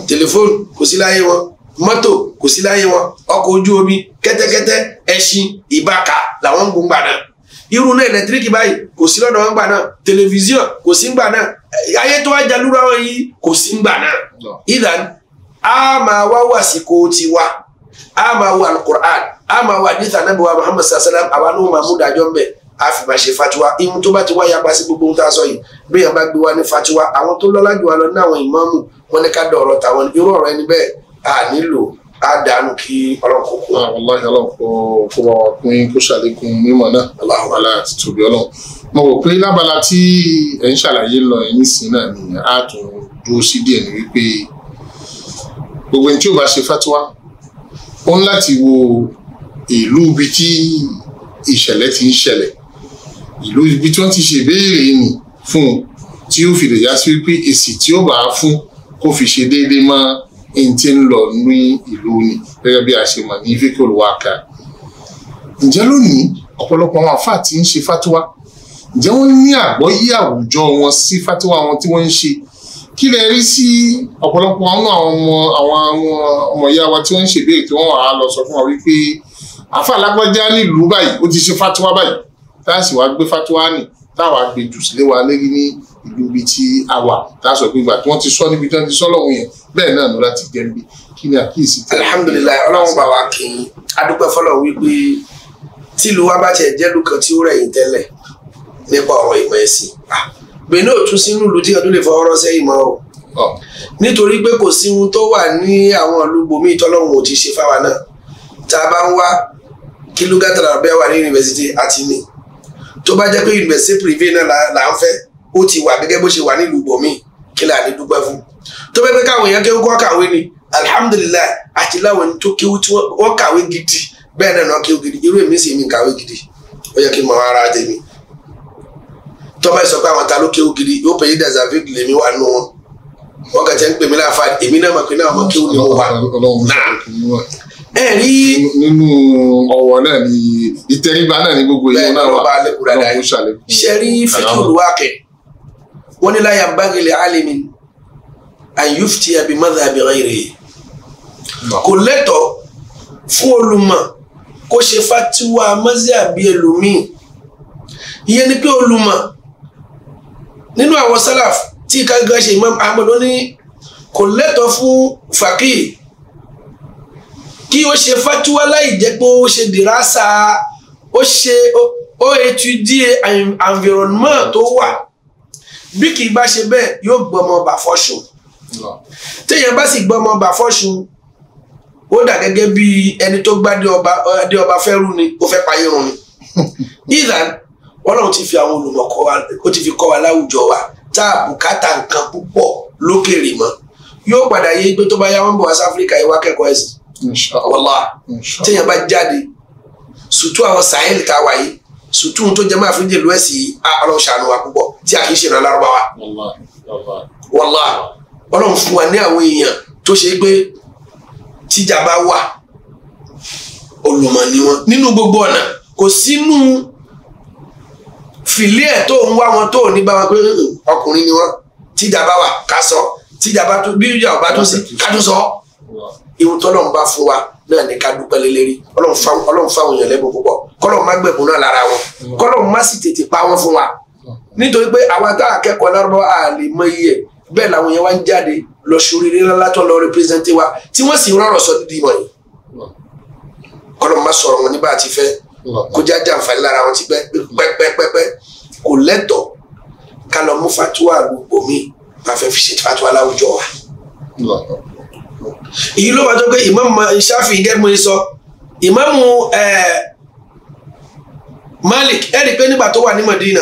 [SPEAKER 3] tẹlifóònù kò sí láyé wọn mọ́tò kò sí láyé wọn ọkọ̀ ojú omi kẹ́tẹ́kẹ́tẹ́ ẹṣin ìbáka làwọn ń gun gbà náà irú náà ẹ̀lẹ́tíríkì báyìí kò sí lọ́dọ̀ wọn gbà náà tẹlifíṣọ̀n kò sí gbà náà ayé tó wájà lúra wọn yìí kò ama àwọn àdìsí ànábì wa Muhammad sallam àwa ló máa mú dájọ́ ńbẹ̀ a fi máa ṣe fatiwa ìmú tó bá ti wáyà pa sí gbogbo ohun tá a bí èèyàn bá gbé wa ní fatiwa àwọn tó lọ́lá jù wá lọ ní àwọn ìmáàmù wọn ní ká dọ̀rọ̀ tàwọn irú ọ̀rọ̀ ẹni bẹ́ẹ̀ a nílò a dànù kí
[SPEAKER 2] ọlọ́run kò kú. Ah, aláhi ọlọ́run kò kó bá wa pín kó ṣàlékún mímọ̀ náà aláhùn aláà ti tóbi ọlọ́run mo rò pé lábala tí ẹ ń ṣàlàyé lọ ẹ nísìn náà ni a tún dúró sí díẹ̀ ní wípé gbogbo ẹni tí ò bá ṣe fatiwa ó ń láti wo ìlú ibi tí ìṣẹ̀lẹ̀ ti ń ṣẹlẹ̀ ìlú ibi tí wọ́n ti ṣèbéèrè nì fún un tí ó fi lè já sí wípé èsì tí ó bá fún kó fi ṣe déédéé mọ́ ẹni tí ń lọ ní ìlú ni gẹ́gẹ́ bí a ṣe mọ̀ ní fíkòlù wákà ǹjẹ́ lónìí ọ̀pọ̀lọpọ̀ àwọn àfáà tí ń ṣe fatuwa ǹjẹ́ wọ́n ní àgbọ́yé àwùjọ wọn sí fatuwa wọn tí wọ́n ń ṣe kí lẹ rí sí ọ̀pọ̀lọpọ̀ àwọn ọmọ àwọn ọmọ ìyá wa tí wọ́n ń ṣèbéèrè tí wọ́n wà á lọ sọ fún wa wípé afàlágbọ́já nílùú báyìí ó ti ṣe fatiwa báyìí tá a sì wá gbé fatiwa nì táwa gbé jù sílé wa lérí ní ìlú ibi tí a wà tá a sọ pé ìgbà tí wọ́n ti sọ níbi tí wọ́n ti sọ lọ́hùn yẹn bẹ́ẹ̀ náà ló láti jẹ́ níbi kí ni àkíyèsí tẹ̀. alihamudulilayi ọlọ́run bá wa
[SPEAKER 3] kì í adúpẹ́ fọlọ́ wípé tílu wa bá tiẹ̀ jẹ́lu kan tí ó rẹ̀yìn tẹ́lẹ̀ nípa ọ̀rọ̀ ìmọ̀ ẹ̀sìn gbẹ̀nú òtún sínú ìlú tí ọdún lè fọwọ́rọ́ sẹ́yìn mọ́ o nítorí pé kò sí ohun tó wà ní àwọn ìlú gbòmí ìtọ́lọ́run ò ti ṣe fáwa náà tá a bá ń wá kí lugata arabia wà ní yunifásitì àti ní tó bá jẹ́ pé yunifásitì privé náà là ń fẹ́ ó ti wà gẹ́gẹ́ bó ṣe wà nílùú bòmíì kí là ní dúpẹ́ fún tó bẹ́ẹ̀ pé káwọn èèyàn kéwú kọ́ kàwé ni alihamudulilayi àti láwọn tó kéwú tí wọ́n kàwé gidi bẹ́ẹ̀ náà náà kéwú gidi irú èmi sì mi kàwé gidi ó yẹ kí n mọ ara tèmi tó bá sọ pé àwọn ta ló kéwú gidi yóò pè é dazavik lèmi wà nù wọn wọn kà tẹ́ ń pè mí láfa èmi náà mọ̀ pé náà mọ̀ kéwú ni mo wà náà ẹ rí. nínú ọ̀wọ̀ náà ni ìtẹríba náà ni gbogbo ìlú náà wà lọ́wọ́ kó ṣàlékún. ṣe rí fíkì olùwàkẹ́ wọ́n ní láyà bágìlì alimi àyùftì àbí mọ́tà àbí rẹ̀ kò lẹ́tọ̀ọ́ fún olùmọ̀ kó ṣe fatiwa mọ́sí àbí ẹlòmíì ìyẹn ni pé olùmọ̀ nínú àwọn sálàf tí ká gan ṣe Imam Ahmad ó ní kò lẹ́tọ̀ọ́ fún fàkíì kí ó ṣe fatuwa láì jẹ́ pé ó ṣe dìrasa ó ṣe ó etudie environment tó wà bí kì í bá ṣe bẹ́ẹ̀ yóò gbọmọ bà fọ́ṣù téèyàn bá sì gbọmọ bà fọ́ṣù ó dà gẹ́gẹ́ bí ẹni tó gbá dé ọba fẹ́rù ni ó fẹ́ payé run ni ìdán ọlọ́run ti fi àwọn olùmọ̀kọ́ wa ó ti fi kọ́ wa láwùjọ wa tá a bùkátà nǹkan púpọ̀ lókèrè mọ́ yóò padà yé pé tó bá yá wọn bọ̀ wá sí áfíríkà kẹ́kọ̀ọ́ ẹ̀sìn wallahi téèyàn bá jáde sùtú àwọn sahel tá a wà yìí sùtú tó jẹ máa fi jẹ lùwẹsì ọlọsàánù wa púpọ̀ tí a kì í ṣe ìrànlọ́wọ́ bá
[SPEAKER 2] wa
[SPEAKER 3] wallahi Ọlọ́run fún wa ní àwọn èèyàn tó ṣe pé tíjà bá wà olùmọ̀ ni wọn nínú gbogbo ọ̀nà kò sínú fìlí ẹ̀ tó ń wá wọn tó ní bá wọn pé ọkùnrin ni wọn tíjà wà ká sọ tíjà bá bí ìjà ọba tún sí ká tún sọ ihun tọ́lọ́run bá fún wa náà ní ká dúpẹ́ lélẹ́rí ọlọ́run fáwọn èèyàn lẹ́bùn púpọ̀ kọ́lọ́run má gbẹ̀bùn náà lára wọn kọ́lọ́run má sì tètè pa wọn fún wa nítorí pé àwa tá a kẹ́kọ̀ọ́ lọ́rọ́ a lè mọ iye bẹ́ẹ̀ làwọn yẹn wá ń jáde lọ sóríire lálátọ́ lọ rẹpírẹsẹ̀ntì wa tí wọ́n sì rọrọ̀ sọ dídí mọ̀ yìí kọ́lọ́run má sọ̀rọ̀ wọn nígbà tí fẹ́ kó jájà àǹfààní lára wọn ti pẹ́pẹ́pẹ́pẹ́ kò lẹ́tọ̀ọ́ ká lọ mú fatuwa gbogbo mi máa fẹ́ fi ṣe fatuwa láwùjọ wa èyí ló bá tó pé ìmáàmù ṣáfì gẹ́gbọ́n sọ ìmáàmù eh, Malik ẹ̀rí pé nígbà tó wà ní Madina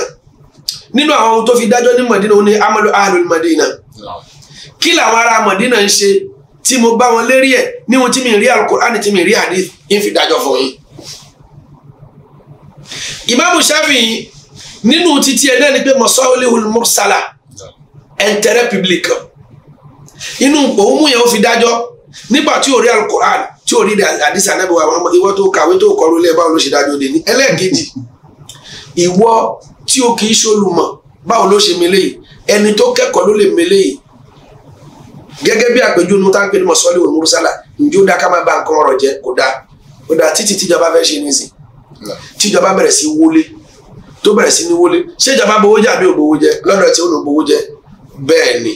[SPEAKER 3] nínú àwọn ohun tó fi dájọ́ ní Madina ó ní amadu ahlul Madina kí làwọn ará Madina ń ṣe tí mo bá wọn lérí ẹ̀ níwọ̀n tí mi rí alukur'an tí mi rí hadith ń fi dájọ́ fún yín. ìmáàmù ṣáfì nínú títí ẹ̀ náà ni pé mọ̀sọ́ọ́lì mursala ẹ̀ńtẹ̀rẹ́ píblíkì inú òun mú yẹn ó fi dájọ́ nígbà tí ò rí alukoran tí ò rí àdìsá náà wà wọn ìwọ tó kàwé tó kọ lólẹ báwo ló ṣe dájọ́ lé ní. ẹlẹ́ẹ̀kejì ìwọ tí o kì í ṣolùmọ̀ báwo ló ṣe mele yìí ẹni tó kẹ́kọ̀ọ́ ló lè mele yìí gẹ́gẹ́ bí àpèjú nu tá ń pè ní mọ̀sọ́lì òun mùsàlà ǹjẹ́ ó dá ká máa bá nǹkan ọ̀rọ̀ jẹ́ kó dáa ó dáa títí tíjọba fẹ́ ṣe ní ìsìn tíjọba bẹ̀rẹ̀ sí wọlé tó bẹ̀rẹ̀ sí ní wọlé ṣé ìjọba gbowó jẹ àbí ògbowó jẹ lọ́dọ̀ tí ó lò gbowó jẹ bẹ́ẹ̀ ni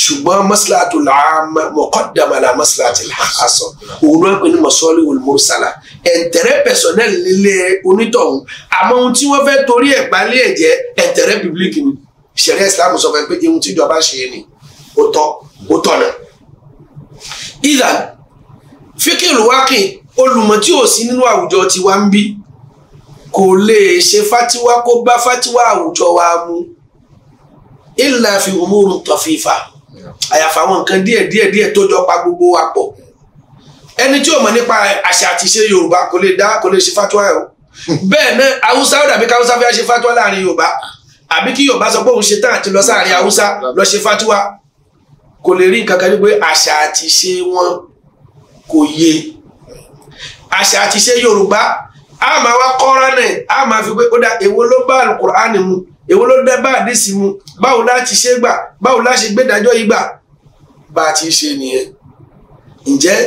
[SPEAKER 3] ṣùgbọ́n masilatu laama mọ̀kọ́dàmà la masilatu laasọ òun náà pè ní masọ́lì olùmọ̀sálà pẹ̀sọ̀nẹ́lì nílé onítọ̀hún àmọ́ ohun tí wọ́n fẹ́ torí ẹ̀ balẹ̀ ẹ̀ jẹ́ ẹ̀ntẹ̀rẹ̀ bíbélì ni ṣẹ̀rẹ́ islam sọ fẹ́ pé ohun tí ìjọba ṣe ni ó tọ́ ó tọ̀nà. ìlà fíkìrù wákìn olùmọ̀ tí ò sí nínú àwùjọ tiwa ń bí kò lè ṣe fátiwá kó bá fátiwá àwùjọ wa mu ìlà fi umuru tafifa àyàfà àwọn nǹkan díẹ̀ díẹ̀ díẹ̀ tó jọ pa gbogbo wa pọ̀ ẹni tí ò mọ̀ nípa àṣà àti ìṣe yorùbá kò lè dá kò lè ṣe fatuwa ẹ̀ o bẹ́ẹ̀ náà haúsá ó dàbí káwúsá fẹ́ ṣe fatuwa láàrin yorùbá àbí kí yorùbá sọ pé òun ṣe tán àti lọ sáàrin haúsá lọ ṣe fatuwa kò lè rí nǹkan kan ní àṣà àti ìṣe wọn kò yé àṣà àti ìṣe yorùbá a máa wá kọ́ra a máa fi pé ó èwo ló bá alukur'ani mu èwo ló dé bá àdìsí mu báwo láti ṣe gbà báwo láti gbé dájọ́ yìí gbà bá a ti ṣe nìyẹn ǹjẹ́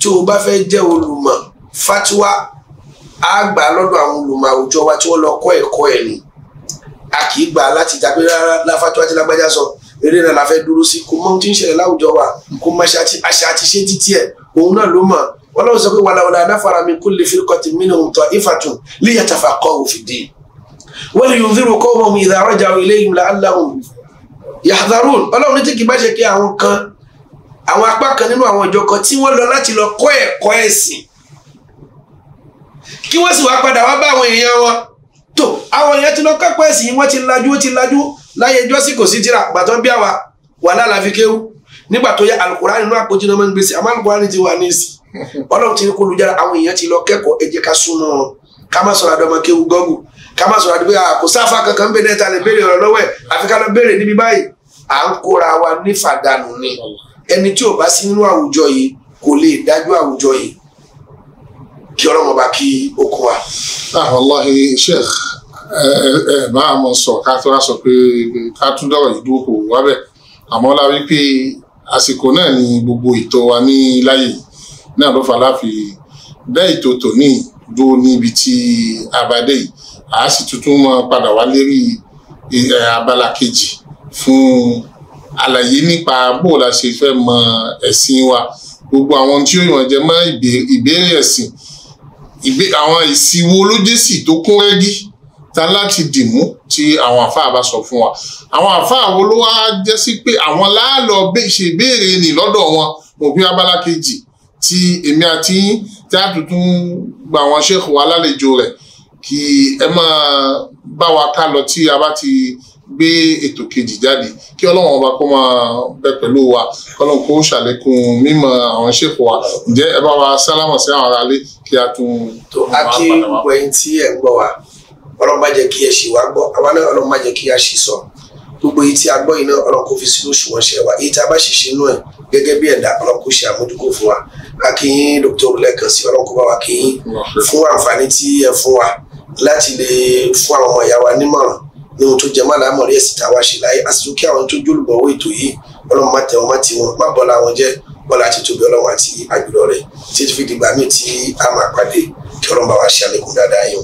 [SPEAKER 3] tí o bá fẹ́ jẹ́ olùmọ̀ fatiwa á gbà lọ́dọ̀ àwọn olùmọ̀ àwùjọ wa tí wọ́n lọ kọ́ ẹ̀kọ́ ẹ̀ ni a kì í gbà láti dàgbé rárá láfatiwa tí lágbájá sọ eré náà la fẹ́ dúró sí kó mọ ohun tí ń ṣẹlẹ̀ láwùjọ wa kó mọ àṣà àti ṣe títí ẹ̀ òun náà ló mọ̀ wọ́n lọ́wọ́ sọ pé wàlàwàlà anáfàràmì kulli firqatin minhum ta'ifatun liyatafaqahu fid-din waliyunziru qawmahum idha raja'u ilayhim la'allahum yahdharun ọlọ́run ní tí kì bá ṣe kí àwọn kan àwọn apá kan nínú àwọn ìjọ kan tí wọ́n lọ láti lọ kọ́ ẹ̀kọ́ ẹ̀sìn kí wọ́n sì wá padà wá bá àwọn èèyàn wọn tó àwọn èèyàn ti lọ kẹ́kọ̀ọ́ ẹ̀sìn wọ́n ti lajú ó ti lajú láyé ẹjọ́ sì kò sí tíra gbàtọ́ bí àwa wà lálàáfi kéwú nígbà tó yá alukóra nínú àpótí náà máa ń gbèsè àmọ́ alukóra ni ti wà ní ìsìn ti ní kó lu jára àwọn èèyàn ti lọ kẹ́kọ̀ọ́ ẹ jẹ́ ká ká má sọ̀rọ̀ àdọ́mọ kéwu gọ́gù ká má sọ̀rọ̀ àdúgbò kò sáfà kankan bẹ́ẹ̀ náà ta lè béèrè ọ̀rọ̀ lọ́wọ́ ẹ̀ àfi níbi báyìí à ń kóra wa ní fàdánù ni ẹni tí ò bá sí nínú àwùjọ yìí kò lè dájú àwùjọ yìí kí ọlọ́run bá kí okun wa. Ah, wàláhi sheikh
[SPEAKER 2] ẹ bá a mọ sọ ká tó wá sọ pé ká tún dọ̀rọ̀ yìí dúró kò wá bẹ́ẹ̀ àmọ́ la wí pé àsìkò náà ni gbogbo ètò wa ní láyè náà ló fà láfi bẹ́ẹ̀ ètò tòní dúró ní ibi tí a bá dé yìí a sì tuntun máa padà wá lérí abala kejì fún àlàyé nípa bó la ṣe fẹ́ mọ ẹ̀sìn wa gbogbo àwọn tí ó yàn jẹ mọ́ ìbéèrè ẹ̀sìn àwọn ìsìnwó olójésì tó kún rẹ́gí ta láti dìmú tí àwọn àfáà bá sọ fún wa àwọn àfáà wo ló wá jẹ́ sí pé àwọn láàlọ́ ṣèbéèrè nì lọ́dọ̀ wọn mo abala kejì tí èmi àti yín tí a tuntun gba àwọn ṣéèkù wa lálejò rẹ̀ kí ẹ máa bá wa ká lọ tí a bá ti gbé ètò kejì jáde kí ọlọ́run ọba kó máa bẹ pẹ̀lú wa kọ́lọ́run kó ṣàlékún mímọ̀ àwọn ṣèkò wa ǹjẹ́ ẹ bá wa sálámọ̀ sí àwọn aráalé
[SPEAKER 3] kí a tún. tó a kí gbogbo ẹ̀yin tí ẹ gbọ́ wa ọlọ́run má jẹ́ kí ẹ ṣì wá gbọ́ àwa náà ọlọ́run má jẹ́ kí a ṣì sọ gbogbo èyí tí a gbọ́ yìí náà ọlọ́run kò fi sínú òṣùwọ̀n ṣe wa èyí tí a bá ṣiṣẹ́ inú ẹ̀ gẹ́gẹ́ bí ẹ̀dá ọlọ́run kò ṣe àmójúkò fún wa a kí yín dókítà lẹ́ẹ̀kan sí ọlọ́run kò bá wa kí yín fún àǹfààní tí ẹ fún wa láti lè fún àwọn ọmọ ìyá wa nímọ̀ràn ní ohun tó jẹ mọ́ àlámọ̀rí ẹ̀sìn táwa ṣe láyé àsìkò kí àwọn tó jólùbọ̀wọ́ ètò yìí ọlọ́run má tẹ̀ wọ́n má ti wọn má bọ́lá wọn jẹ́ bọ́lá ti tóbi ọlọ́run àti àjùlọ rẹ̀ títí fi dìgbà míì tí a máa pàdé kí ọlọ́run bá wa ṣe àlékún dáadáa yìí.